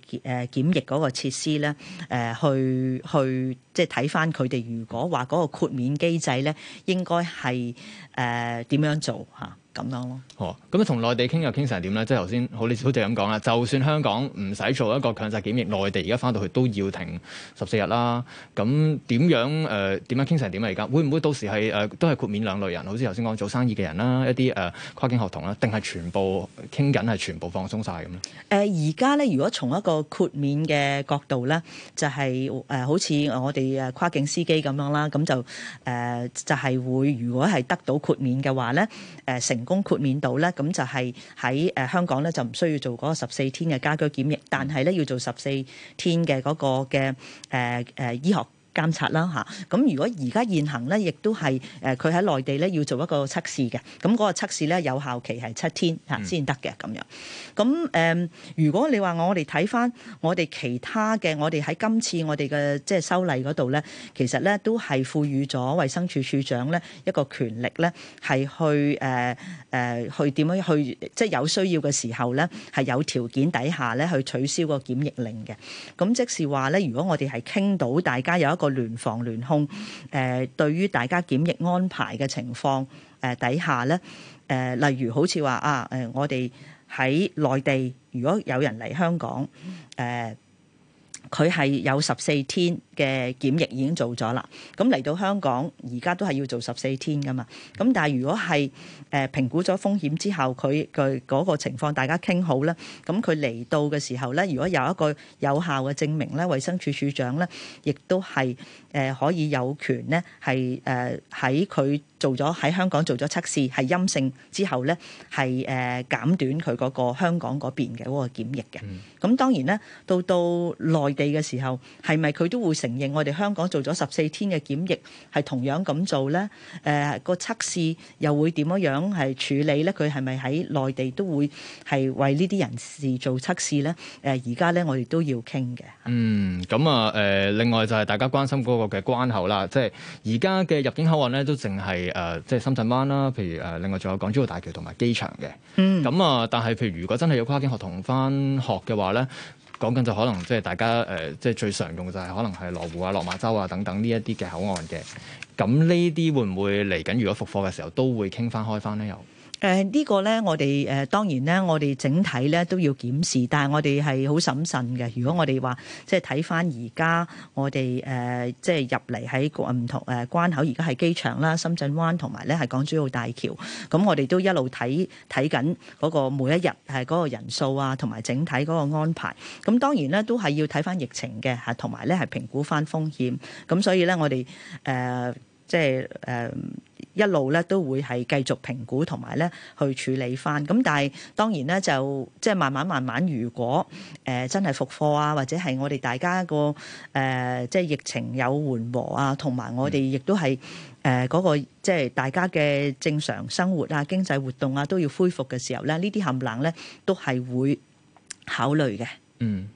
Speaker 5: 檢疫嗰個設施咧，誒去去即係睇翻佢哋如果話嗰個豁免機制咧，應該係誒點樣做嚇？咁
Speaker 4: 樣咯。哦，咁啊，同內地傾又傾成點咧？即係頭先，好，好似咁講啦。就算香港唔使做一個強制檢疫，內地而家翻到去都要停十四日啦。咁點樣？呃、點樣傾成點啊？而家會唔會到時係、呃、都係豁免兩類人？好似頭先講做生意嘅人啦，一啲誒、呃、跨境學童啦，定係全部傾緊係全部放鬆晒
Speaker 5: 咁咧？而家咧，如果從一個豁免嘅角度咧，就係好似我哋誒跨境司機咁樣啦。咁就、呃、就係、是、會如果係得到豁免嘅話咧、呃，成。公豁免到咧，咁就係喺誒香港咧就唔需要做嗰個十四天嘅家居檢疫，但係咧要做十四天嘅嗰個嘅誒誒醫學監察啦吓，咁如果而家現行咧，亦都係誒佢喺內地咧要做一個測試嘅，咁、那、嗰個測試咧有效期係七天吓先得嘅咁樣，咁誒如果你話我哋睇翻我哋其他嘅，我哋喺今次我哋嘅即係修例嗰度咧，其實咧都係賦予咗衛生署署長咧一個權力咧，係、呃、去誒誒去點樣去即係有需要嘅時候咧，係有條件底下咧去取消個檢疫令嘅。咁即是話咧，如果我哋係傾到大家有一個。聯防聯控，誒，對於大家檢疫安排嘅情況，誒，底下咧，誒，例如好似話啊，誒，我哋喺內地，如果有人嚟香港，誒。佢係有十四天嘅檢疫已經做咗啦，咁嚟到香港而家都係要做十四天噶嘛，咁但係如果係誒評估咗風險之後，佢佢嗰個情況大家傾好啦，咁佢嚟到嘅時候咧，如果有一個有效嘅證明咧，衞生署署長咧，亦都係誒可以有權咧係誒喺佢。做咗喺香港做咗測試係陰性之後咧，係誒減短佢嗰個香港嗰邊嘅嗰個檢疫嘅。咁當然咧，到到內地嘅時候，係咪佢都會承認我哋香港做咗十四天嘅檢疫係同樣咁做咧？誒個測試又會點樣樣係處理咧？佢係咪喺內地都會係為呢啲人士做測試咧？誒而家咧我哋都要傾嘅。嗯，
Speaker 4: 咁啊誒，另外就係大家關心嗰個嘅關口啦，即係而家嘅入境口岸咧都淨係。誒、呃，即係深圳灣啦，譬如誒、呃，另外仲有港珠澳大橋同埋機場嘅，咁啊、嗯，但係譬如如果真係有跨境學童翻學嘅話咧，講緊就可能即係大家誒，即、呃、係最常用嘅就係可能係羅湖啊、落馬洲啊等等呢一啲嘅口岸嘅，咁呢啲會唔會嚟緊？如果復課嘅時候
Speaker 5: 都會傾翻開翻咧？又？誒呢個咧，我哋誒、呃、當然咧，我哋整體咧都要檢視，但係我哋係好審慎嘅。如果我哋話即係睇翻而家我哋、呃、即係入嚟喺唔同、呃、關口，而家係機場啦、深圳灣同埋咧係港珠澳大橋，咁我哋都一路睇睇緊嗰個每一日嗰個人數啊，同埋整體嗰個安排。咁當然咧都係要睇翻疫情嘅，同埋咧係評估翻風險。咁所以咧我哋、呃、即係誒。呃一路咧都會係繼續評估同埋咧去處理返，咁但係當然咧就即係慢慢慢慢，如果誒真係復課啊，或者係我哋大家個誒即係疫情有緩和啊，同埋我哋亦都係誒嗰個即係大家嘅正常生活啊、經濟活動啊都要恢復嘅時候咧，呢啲冚冷咧都係會考慮嘅。嗯。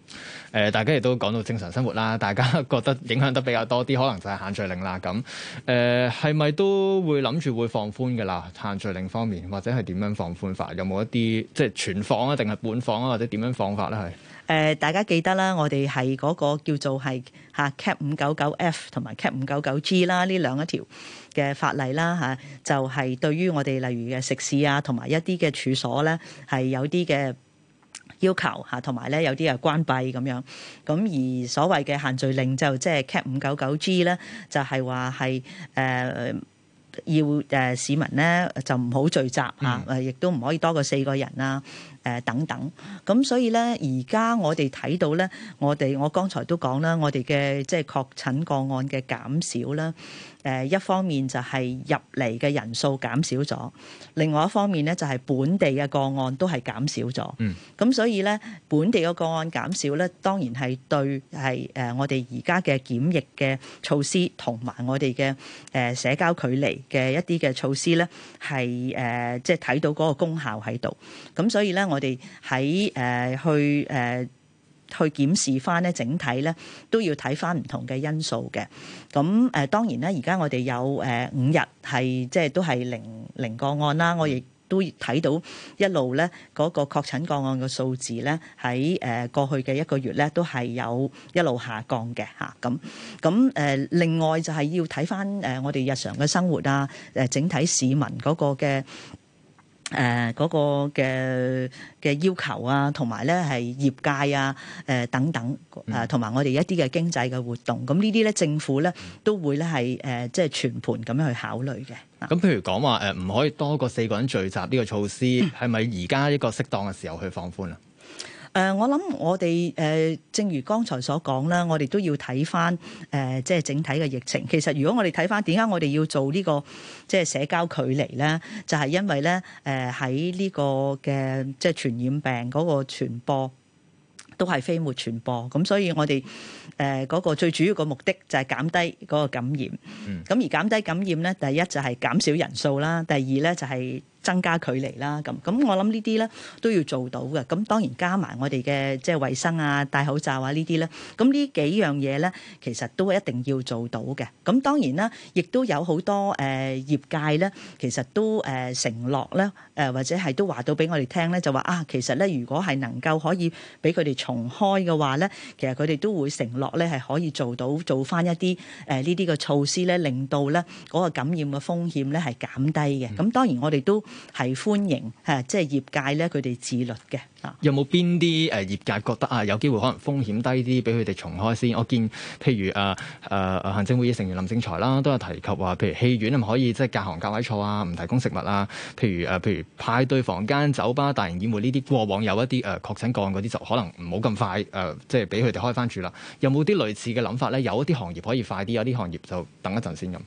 Speaker 4: 誒、呃，大家亦都講到正常生活啦，大家覺得影響得比較多啲，可能就係限聚令啦。咁誒，係、呃、咪都會諗住會放寬嘅啦？限聚令方面，或者係點樣放寬法？有冇一啲即係全放啊，定係半放啊，或
Speaker 5: 者點樣放法咧？係誒、呃，大家記得啦，我哋係嗰個叫做係嚇 Cap 599F 同埋 Cap 599G 啦，呢兩一條嘅法例啦嚇、啊，就係、是、對於我哋例如嘅食肆啊，同埋一啲嘅處所咧，係有啲嘅。要求嚇，同埋咧有啲係關閉咁樣，咁而所謂嘅限聚令就即係 cap 五九九 G 咧，就係話係誒要誒、呃、市民咧就唔好聚集嚇，誒、啊、亦都唔可以多過四個人啦，誒、呃、等等。咁所以咧，而家我哋睇到咧，我哋我剛才都講啦，我哋嘅即係確診個案嘅減少啦。誒一方面就係入嚟嘅人數減少咗，另外一方面咧就係本地嘅個案都係減少咗。嗯，咁所以咧，本地嘅個案減少咧，當然係對係誒我哋而家嘅檢疫嘅措施同埋我哋嘅誒社交距離嘅一啲嘅措施咧，係誒即係睇到嗰個功效喺度。咁所以咧我哋喺誒去誒。呃去檢視返咧整體咧，都要睇返唔同嘅因素嘅。咁誒當然咧，而家我哋有誒五日係即係都係零零個案啦。我亦都睇到一路咧嗰個確診個案嘅數字咧，喺誒過去嘅一個月咧都係有一路下降嘅嚇。咁咁誒另外就係要睇返誒我哋日常嘅生活啊，誒整體市民嗰個嘅。誒嗰、呃嗰個嘅嘅要求啊，同埋咧係業界啊，誒、呃、等等，誒同埋我哋一啲嘅經濟嘅活動，咁呢啲咧政府咧都會咧係誒即係全盤咁樣去考慮嘅。
Speaker 4: 咁、嗯啊、譬如講話誒唔可以多過四個人聚集呢個措施，係咪而家一個適當嘅時候去放寬啊？嗯嗯。
Speaker 5: 誒，我諗我哋誒正如剛才所講啦，我哋都要睇翻誒即係整體嘅疫情。其實如果我哋睇翻點解我哋要做呢個即係社交距離咧，就係因為咧誒喺呢個嘅即係傳染病嗰個傳播都係飛沫傳播，咁所以我哋誒嗰個最主要個目的就係減低嗰個感染。咁而減低感染咧，第一就係減少人數啦，第二咧就係，增加距離啦，咁咁我諗呢啲咧都要做到嘅。咁當然加埋我哋嘅即係衛生啊、戴口罩啊呢啲咧。咁呢幾樣嘢咧，其實都一定要做到嘅。咁當然啦，亦都有好多誒、呃、業界咧，其實都誒、呃、承諾咧、呃，或者係都話到俾我哋聽咧，就話啊，其實咧如果係能夠可以俾佢哋重開嘅話咧，其實佢哋都會承諾咧係可以做到做翻一啲誒呢啲嘅措施咧，令到咧嗰個感染嘅風險咧係減低嘅。咁、嗯、當然我哋都。係歡迎誒、啊，即係業界咧，佢哋自律嘅。啊、有冇邊
Speaker 4: 啲誒業界覺得啊，有機會可能風險低啲，俾佢哋重開先？我見譬如誒誒誒，行政會議成員林正財啦，都有提及話，譬如戲院係咪可以即係隔行隔位坐啊，唔提供食物啊？譬如誒、啊，譬如派對房間、酒吧、大型演會呢啲，過往有一啲誒、呃、確診個案嗰啲，就可能唔好咁快誒、呃，即係俾佢哋開翻住啦。有冇啲類似嘅諗法咧？有一啲行業
Speaker 5: 可以快啲，有啲行業就等一陣先咁。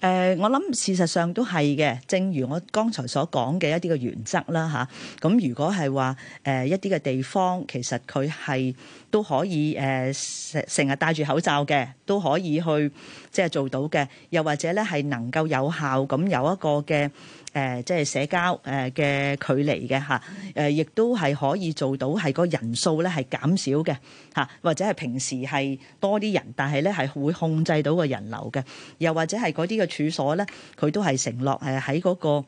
Speaker 5: 誒、呃，我諗事實上都係嘅，正如我剛才所講嘅一啲嘅原則啦嚇。咁、啊、如果係話誒一啲嘅地方，其實佢係都可以誒成成日戴住口罩嘅，都可以去即係做到嘅，又或者咧係能夠有效咁有一個嘅。誒，即係社交誒嘅距離嘅嚇，誒亦都係可以做到係個人數咧係減少嘅嚇，或者係平時係多啲人，但係咧係會控制到個人流嘅，又或者係嗰啲嘅處所咧，佢都係承諾誒喺嗰個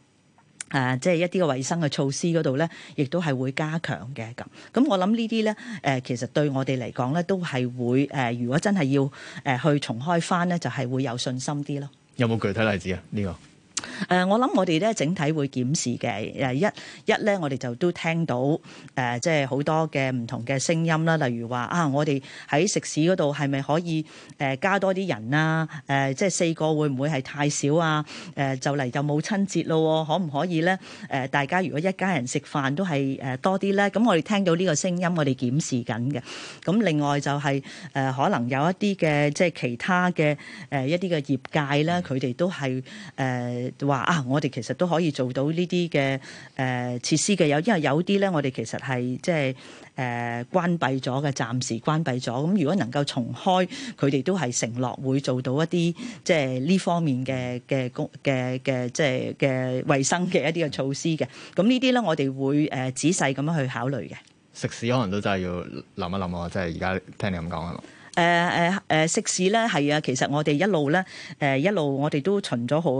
Speaker 5: 誒即係一啲嘅衞生嘅措施嗰度咧，亦都係會加強嘅咁。咁我諗呢啲咧，誒其實對我哋嚟講咧，都係會誒，如果真係要誒去重開翻咧，就係會有信心啲咯。
Speaker 4: 有冇具體例子啊？呢個？
Speaker 5: 誒、呃，我諗我哋咧整體會檢視嘅。誒，一一咧，我哋就都聽到誒、呃，即係好多嘅唔同嘅聲音啦。例如話啊，我哋喺食肆嗰度係咪可以誒、呃、加多啲人啊？誒、呃，即係四個會唔會係太少啊？誒、呃，就嚟就母親節咯，可唔可以咧？誒、呃，大家如果一家人食飯都係誒、呃、多啲咧，咁我哋聽到呢個聲音，我哋檢視緊嘅。咁另外就係、是、誒、呃，可能有一啲嘅即係其他嘅誒、呃、一啲嘅業界咧，佢哋都係誒。呃話啊，我哋其實都可以做到呢啲嘅誒設施嘅，有因為有啲咧，我哋其實係即係誒關閉咗嘅，暫時關閉咗。咁如果能夠重開，佢哋都係承諾會做到一啲即係呢方面嘅嘅公嘅嘅即係嘅衞生嘅一啲嘅措施嘅。咁呢啲咧，我哋會誒、呃、仔細咁樣去考慮嘅。食肆可能都真係要
Speaker 4: 諗一諗喎，即係而家聽你咁講啦。
Speaker 5: 誒誒誒，食肆咧係啊，其實我哋一路咧，誒、呃、一路我哋都巡咗好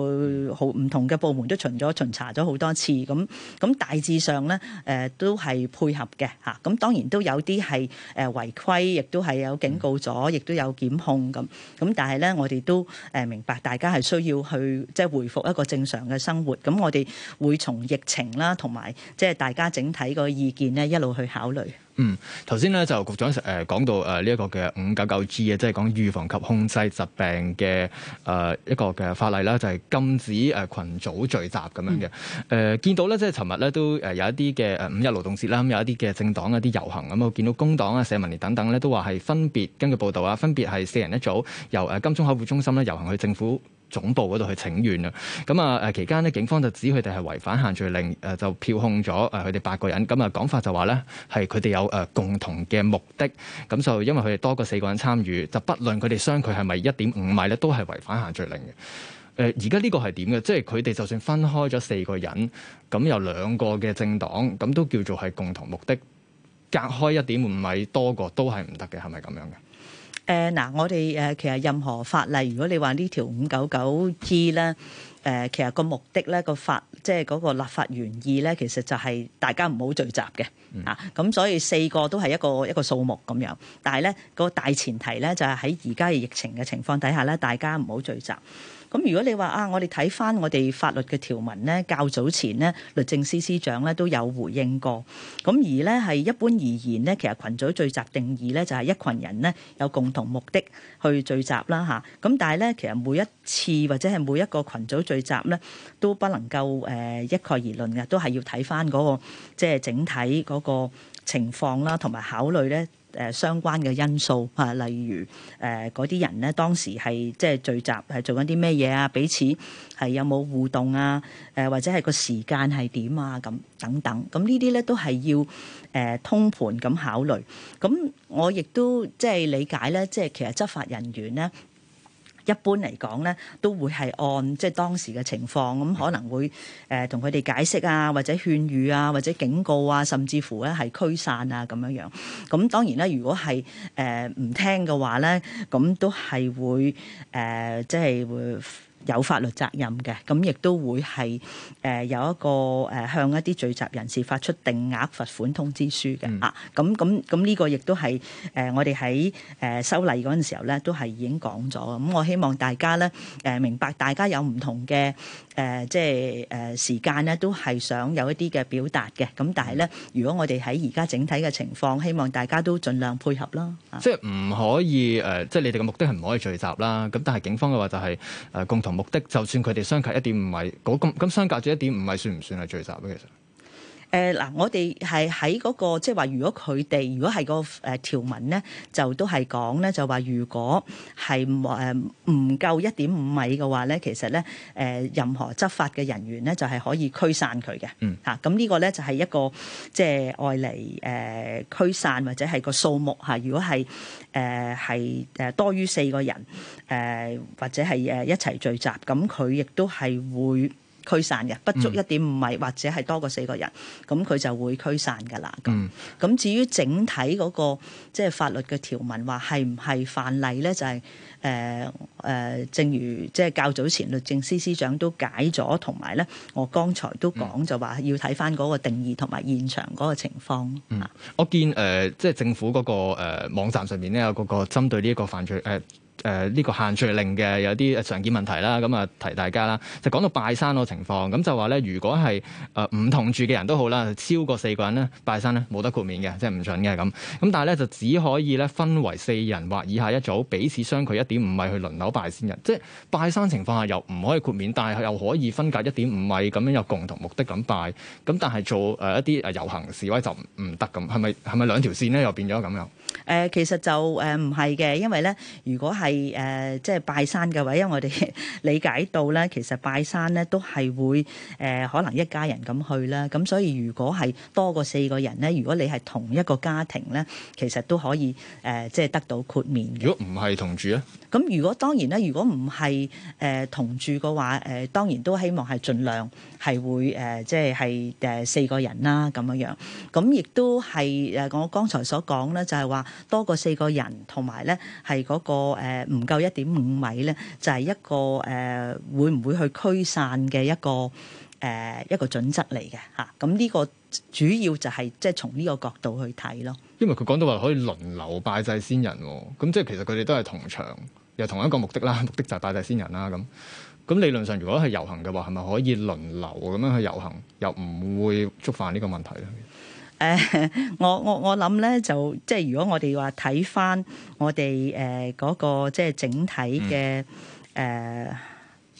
Speaker 5: 好唔同嘅部門都巡咗巡查咗好多次，咁咁大致上咧誒、呃、都係配合嘅吓，咁當然都有啲係誒違規，亦都係有警告咗，亦都有檢控咁，咁但係咧我哋都誒明白，大家係需要去即係、就是、回復一個正常嘅生活，咁我哋會從疫情啦，同埋即係大家整體個意見咧一路去考慮。
Speaker 4: 嗯，頭先咧就局長誒講到誒呢一個嘅五九九 G 啊，即係講預防及控制疾病嘅誒一個嘅法例啦，就係、是、禁止誒群組聚集咁樣嘅。誒、嗯、見到咧，即係尋日咧都誒有一啲嘅誒五一勞動節啦，咁有一啲嘅政黨有一啲遊行咁啊，看見到工黨啊、社民聯等等咧都話係分別根據報道啊，分別係四人一組由誒金鐘海富中心咧遊行去政府總部嗰度去請願啊。咁啊誒期間咧，警方就指佢哋係違反限聚令，誒就票控咗誒佢哋八個人，咁啊講法就話咧，係佢哋有誒共同嘅目的，咁就因為佢哋多過四個人參與，就不論佢哋相距係咪一點五米咧，都係違反限聚令嘅。誒而家呢個係點嘅？即係佢哋就算分開咗四個人，咁有兩個嘅政黨，咁都叫做係共同目的，隔開一點五米多過都係唔得嘅，係咪咁樣嘅？
Speaker 5: 誒嗱、呃，我哋誒其實任何法例，如果你話呢條五九九 G 咧，誒其實個目的咧個法，即係嗰個立法原意咧，其實就係大家唔好聚集嘅啊。咁所以四個都係一個一個數目咁樣，但係咧、個大前提咧就係喺而家嘅疫情嘅情況底下咧，大家唔好聚集。咁如果你話啊，我哋睇翻我哋法律嘅條文咧，較早前咧律政司司長咧都有回應過。咁而咧係一般而言咧，其實群組聚集定義咧就係、是、一群人咧有共同目的去聚集啦吓，咁、啊、但係咧，其實每一次或者係每一個群組聚集咧都不能夠誒一概而論嘅，都係要睇翻嗰個即係、就是、整體嗰個情況啦，同埋考慮咧。誒相關嘅因素啊，例如誒嗰啲人咧當時係即係聚集係做緊啲咩嘢啊，彼此係有冇互動啊？誒或者係個時間係點啊？咁等等，咁呢啲咧都係要誒通盤咁考慮。咁我亦都即係理解咧，即係其實執法人員咧。一般嚟講咧，都會係按即係當時嘅情況，咁可能會誒同佢哋解釋啊，或者勸喻啊，或者警告啊，甚至乎咧係驅散啊咁樣樣。咁、嗯、當然啦，如果係誒唔聽嘅話咧，咁都係會誒即係會。呃有法律責任嘅，咁亦都會係誒有一個誒向一啲聚集人士發出定額罰款通知書嘅、嗯、啊！咁咁咁呢個亦都係誒我哋喺誒修例嗰陣時候咧，都係已經講咗嘅。咁、嗯、我希望大家咧誒、呃、明白，大家有唔同嘅誒、呃、即係誒、呃、時間咧，都係想有一啲嘅表達嘅。咁但係咧，如果我哋喺而家整體嘅情況，希望大家都盡量配合咯、
Speaker 4: 呃。即係唔可以誒，即係你哋嘅目的係唔可以聚集啦。咁但係警方嘅話就係、是、誒、呃、共同。目的就算佢哋相隔一點五米，嗰咁咁相隔住一
Speaker 5: 點五米，算唔算係聚集咧？其實。誒嗱、呃，我哋係喺嗰個，即係話，如果佢哋如果係個誒條、呃、文咧，就都係講咧，就話如果係誒唔夠一點五米嘅話咧，其實咧誒、呃、任何執法嘅人員咧，就係、是、可以驅散佢嘅。嗯，嚇、啊，咁、這個、呢個咧就係、是、一個即係用嚟誒驅散或者係個數目嚇、啊。如果係誒係誒多於四個人誒、呃、或者係誒一齊聚集，咁佢亦都係會。驅散嘅不足一點五米，或者係多過四個人，咁佢、嗯、就會驅散噶啦。咁咁、嗯、至於整體嗰、那個即係、就是、法律嘅條文話係唔係犯例咧？就係誒誒，正如即係、就是、較早前律政司司長都解咗，同埋咧，我剛才都講、嗯、就話要睇返嗰個定義同埋現場嗰個情況。嗯，我見
Speaker 4: 誒即係政府嗰、那個誒、呃、網站上面咧有個個針對呢一個犯罪誒。呃誒呢、呃呢個限聚令嘅有啲常見問題啦，咁啊提大家啦。就講到拜山個情況，咁就話咧，如果係誒唔同住嘅人都好啦，超過四個人咧，拜山咧冇得豁免嘅，即係唔準嘅咁。咁但係咧就只可以咧分為四人或以下一組，彼此相距一點五米去輪流拜先人，即係拜山情況下又唔可以豁免，但係又可以分隔一點五米咁樣有共同目的咁拜。咁但係做誒一啲誒遊行示威就唔得咁，係咪係咪兩條線咧又變咗咁樣？
Speaker 5: 誒、呃、其實就誒唔係嘅，因為咧，如果係誒、呃、即係拜山嘅話，因為我哋理解到咧，其實拜山咧都係會誒、呃、可能一家人咁去啦。咁所以如果係多過四個人咧，如果你係同一個家庭咧，其實都可以誒、呃、即係得到豁免，如果唔
Speaker 4: 係。如果唔係、呃、同住咧，
Speaker 5: 咁如果當然咧，如果唔係誒同住嘅話，誒、呃、當然都希望係盡量係會誒、呃、即係係誒四個人啦咁樣樣。咁亦都係誒我剛才所講咧，就係話。多過四個人，同埋咧係嗰個誒唔夠一點五米咧，就係、是、一個誒、呃、會唔會去驅散嘅一個誒、呃、一個準則嚟嘅吓。咁呢個主要就係即係從呢個角度去睇咯。
Speaker 4: 因為佢講到話可以輪流拜祭先人，咁即係其實佢哋都係同場又同一個目的啦，目的就係拜祭先人啦。咁咁理論上如果係遊行嘅話，係咪可以輪流
Speaker 5: 咁樣去遊行，又唔會觸犯呢個問題咧？誒， 我我我諗咧，就即係如果我哋話睇翻我哋誒嗰個，即係整體嘅誒。嗯呃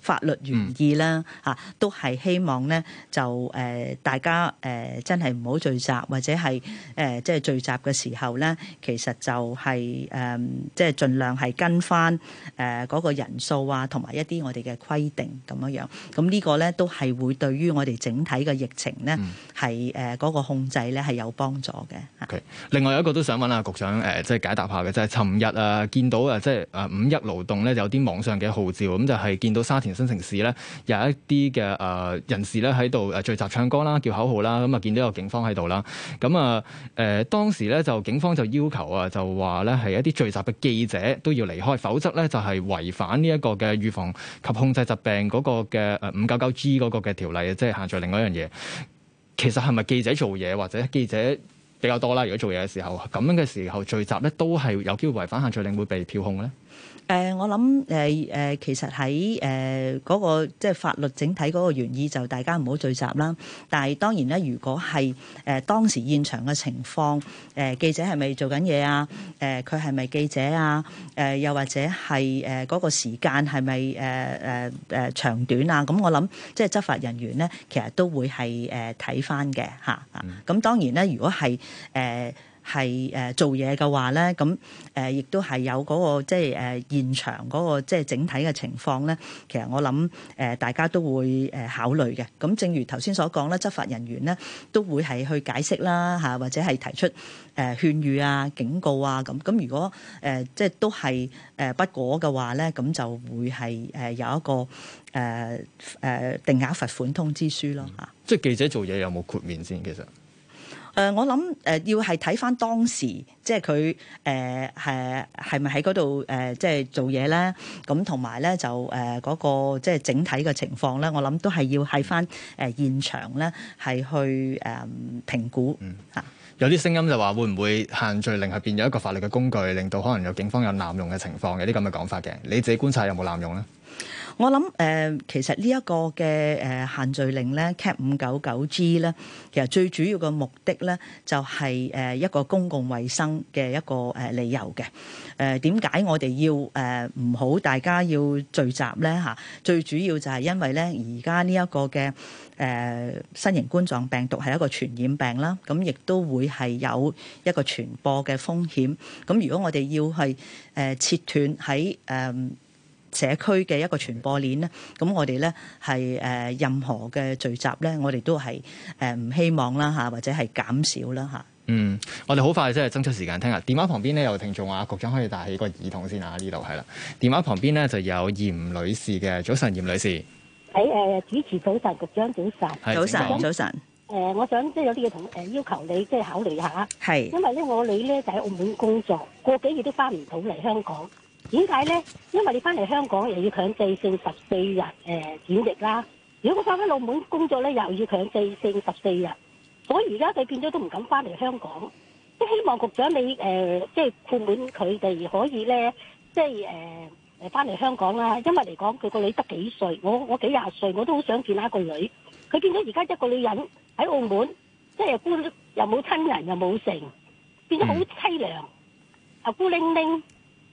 Speaker 5: 法律原意啦吓、嗯啊、都係希望咧就誒、呃、大家誒、呃、真係唔好聚集，或者係誒、呃、即係聚集嘅時候咧，其實就係、是、誒、呃、即係盡量係跟翻誒、呃嗰個人數啊，同埋一啲我哋嘅規定咁樣樣，咁、這個、呢個咧都係會對於我哋整體嘅疫情咧係誒嗰個控制咧係有幫助嘅。OK，
Speaker 4: 另外有一個都想問下局長誒、呃、即係解答一下嘅，就係、是、尋日啊見到啊即係誒五一勞動咧有啲網上嘅號召，咁就係、是、見到沙田。新城市咧有一啲嘅誒人士咧喺度誒聚集唱歌啦，叫口號啦，咁啊見到有警方喺度啦，咁啊誒當時咧就警方就要求啊，就話咧係一啲聚集嘅記者都要離開，否則咧就係違反呢一個嘅預防及控制疾病嗰個嘅誒五九九 G 嗰個嘅條例，即係限聚令嗰樣嘢。其實係咪記者做嘢或者記者比較多啦？如果做嘢嘅時候咁樣嘅時候聚集咧，都係有機會違反限聚令，會被票控嘅咧？
Speaker 5: 呃、我諗、呃、其實喺嗰個即係法律整體嗰個原意就大家唔好聚集啦。但係當然咧，如果係誒、呃、當時現場嘅情況，誒、呃、記者係咪做緊嘢啊？誒佢係咪記者啊？呃、又或者係誒嗰個時間係咪誒長短啊？咁我諗即係執法人員咧，其實都會係誒睇翻嘅嚇。咁、呃啊、當然咧，如果係係誒、呃、做嘢嘅話咧，咁誒亦都係有嗰、那個即係誒、呃、現場嗰、那個即係整體嘅情況咧。其實我諗誒、呃、大家都會誒、呃、考慮嘅。咁正如頭先所講啦，執法人員咧都會係去解釋啦嚇，或者係提出誒勸喻啊、警告啊咁。咁如果誒、呃、即係都係誒、呃、不果嘅話咧，咁就會係誒有一個誒誒定額罰款通知書咯嚇、嗯。
Speaker 4: 即係記者做嘢有冇豁免先？其實？
Speaker 5: 誒、呃，我諗誒、呃、要係睇翻當時，即係佢誒係係咪喺嗰度誒，即係做嘢咧？咁同埋咧就誒嗰、呃那個即係整體嘅情況咧，我諗都係要喺翻誒現場咧係去誒、呃、評估吓、嗯。
Speaker 4: 有啲聲音就話會唔會限聚令係變有一個法律嘅工具，令到可能有警方有濫用嘅情況嘅，有啲咁嘅講法嘅。你自己觀察有冇濫用咧？
Speaker 5: 我諗誒、呃，其實呢一個嘅誒限聚令咧，cap 五九九 G 咧，其實最主要嘅目的咧，就係、是、誒一個公共衛生嘅一個誒理由嘅。誒點解我哋要誒唔好大家要聚集咧嚇？最主要就係因為咧，而家呢一個嘅誒、呃、新型冠狀病毒係一個傳染病啦，咁亦都會係有一個傳播嘅風險。咁如果我哋要係誒、呃、切斷喺誒，呃社區嘅一個傳播鏈咧，咁我哋咧係誒任何嘅聚集咧，我哋都係誒唔希望啦嚇，或者係減少啦嚇。嗯，我哋好快
Speaker 4: 即係爭取時間聽下。電話旁邊咧有聽眾話，局長可以帶起個耳筒先啊！呢度係啦，電話旁邊咧就有嚴女士嘅。早晨，嚴女士，
Speaker 3: 喺誒主持早晨，局
Speaker 5: 長早晨，早晨早晨。誒，
Speaker 3: 我想即係有啲嘢同誒要求你即係考慮下，係因為咧我女咧就喺澳門工作，過幾月都翻唔到嚟香港。點解咧？因為你翻嚟香港又要強制性十四日誒檢疫啦。如果我翻翻澳門工作咧，又要強制性十四日。所以而家佢變咗都唔敢翻嚟香港。都希望局長你誒，即係僱員佢哋可以咧，即係誒誒翻嚟香港啦。因為嚟講佢個女得幾歲，我我幾廿歲，我都好想見下個女。佢見到而家一個女人喺澳門，即係又孤，又冇親人又冇成，變咗好凄涼啊，嗯，孤零零。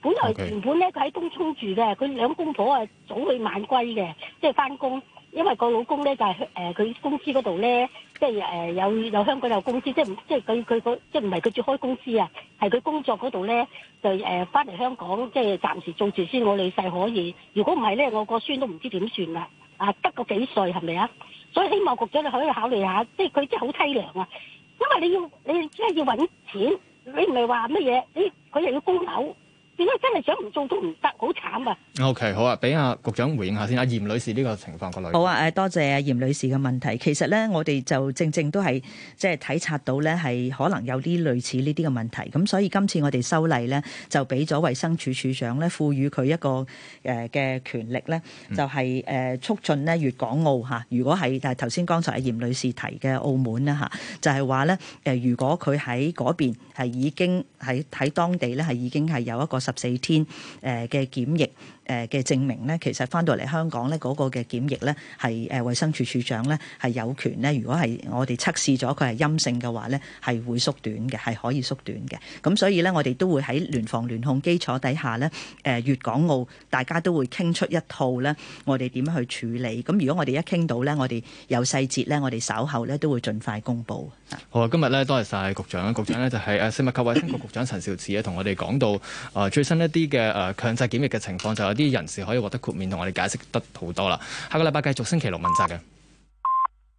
Speaker 3: Okay. 本來原本咧，佢喺東涌住嘅。佢兩公婆啊，早去晚歸嘅，即係翻工。因為個老公咧就係誒佢公司嗰度咧，即係誒有有香港有公司，就是、即係即係佢佢個即係唔係佢住開公司啊？係佢工作嗰度咧就誒翻嚟香港，即、就、係、是、暫時做住先。我女婿可以，如果唔係咧，我個孫都唔知點算啦。啊，得個幾歲係咪啊？所以希望局長你可以考慮下，即係佢真係好淒涼啊。因為你，你，你要你即係要揾錢，你唔係話乜嘢？你佢又要供樓。
Speaker 4: 點解真係想唔做都唔得好慘啊？OK，好啊，俾阿局長回應下先。阿嚴女士呢個情況個女。好啊，
Speaker 5: 多謝阿嚴女士嘅問題。其實咧，我哋就正正都係即係體察到咧，係可能有啲類似呢啲嘅問題。咁所以今次我哋修例咧，就俾咗衛生署署長咧，賦予佢一個嘅、呃、權力咧，就係、是呃、促進呢粵港澳嚇、啊。如果係誒頭先剛才阿嚴女士提嘅澳門啦、啊、就係話咧如果佢喺嗰邊係已經係喺當地咧係已經係有一個。十四天誒嘅檢疫誒嘅證明呢，其實翻到嚟香港呢嗰個嘅檢疫呢，係誒衛生署署長呢係有權呢，如果係我哋測試咗佢係陰性嘅話呢，係會縮短嘅，係可以縮短嘅。咁所以呢，我哋都會喺聯防聯控基礎底下呢，誒粵港澳大家都會傾出一套呢，我哋點樣去處理。咁如果我哋一傾到呢，我哋有細節呢，我哋稍後呢都會盡快公布。
Speaker 4: 好啊，今日咧多謝晒局長啊，局長呢就係、是、誒、啊、食物及衛生局局長陳肇始。啊，同我哋講到誒、啊、最新一啲嘅誒強制檢疫嘅情況，就有啲人士可以獲得豁免，同我哋解釋得好多啦。下個禮拜繼續星期六問責嘅。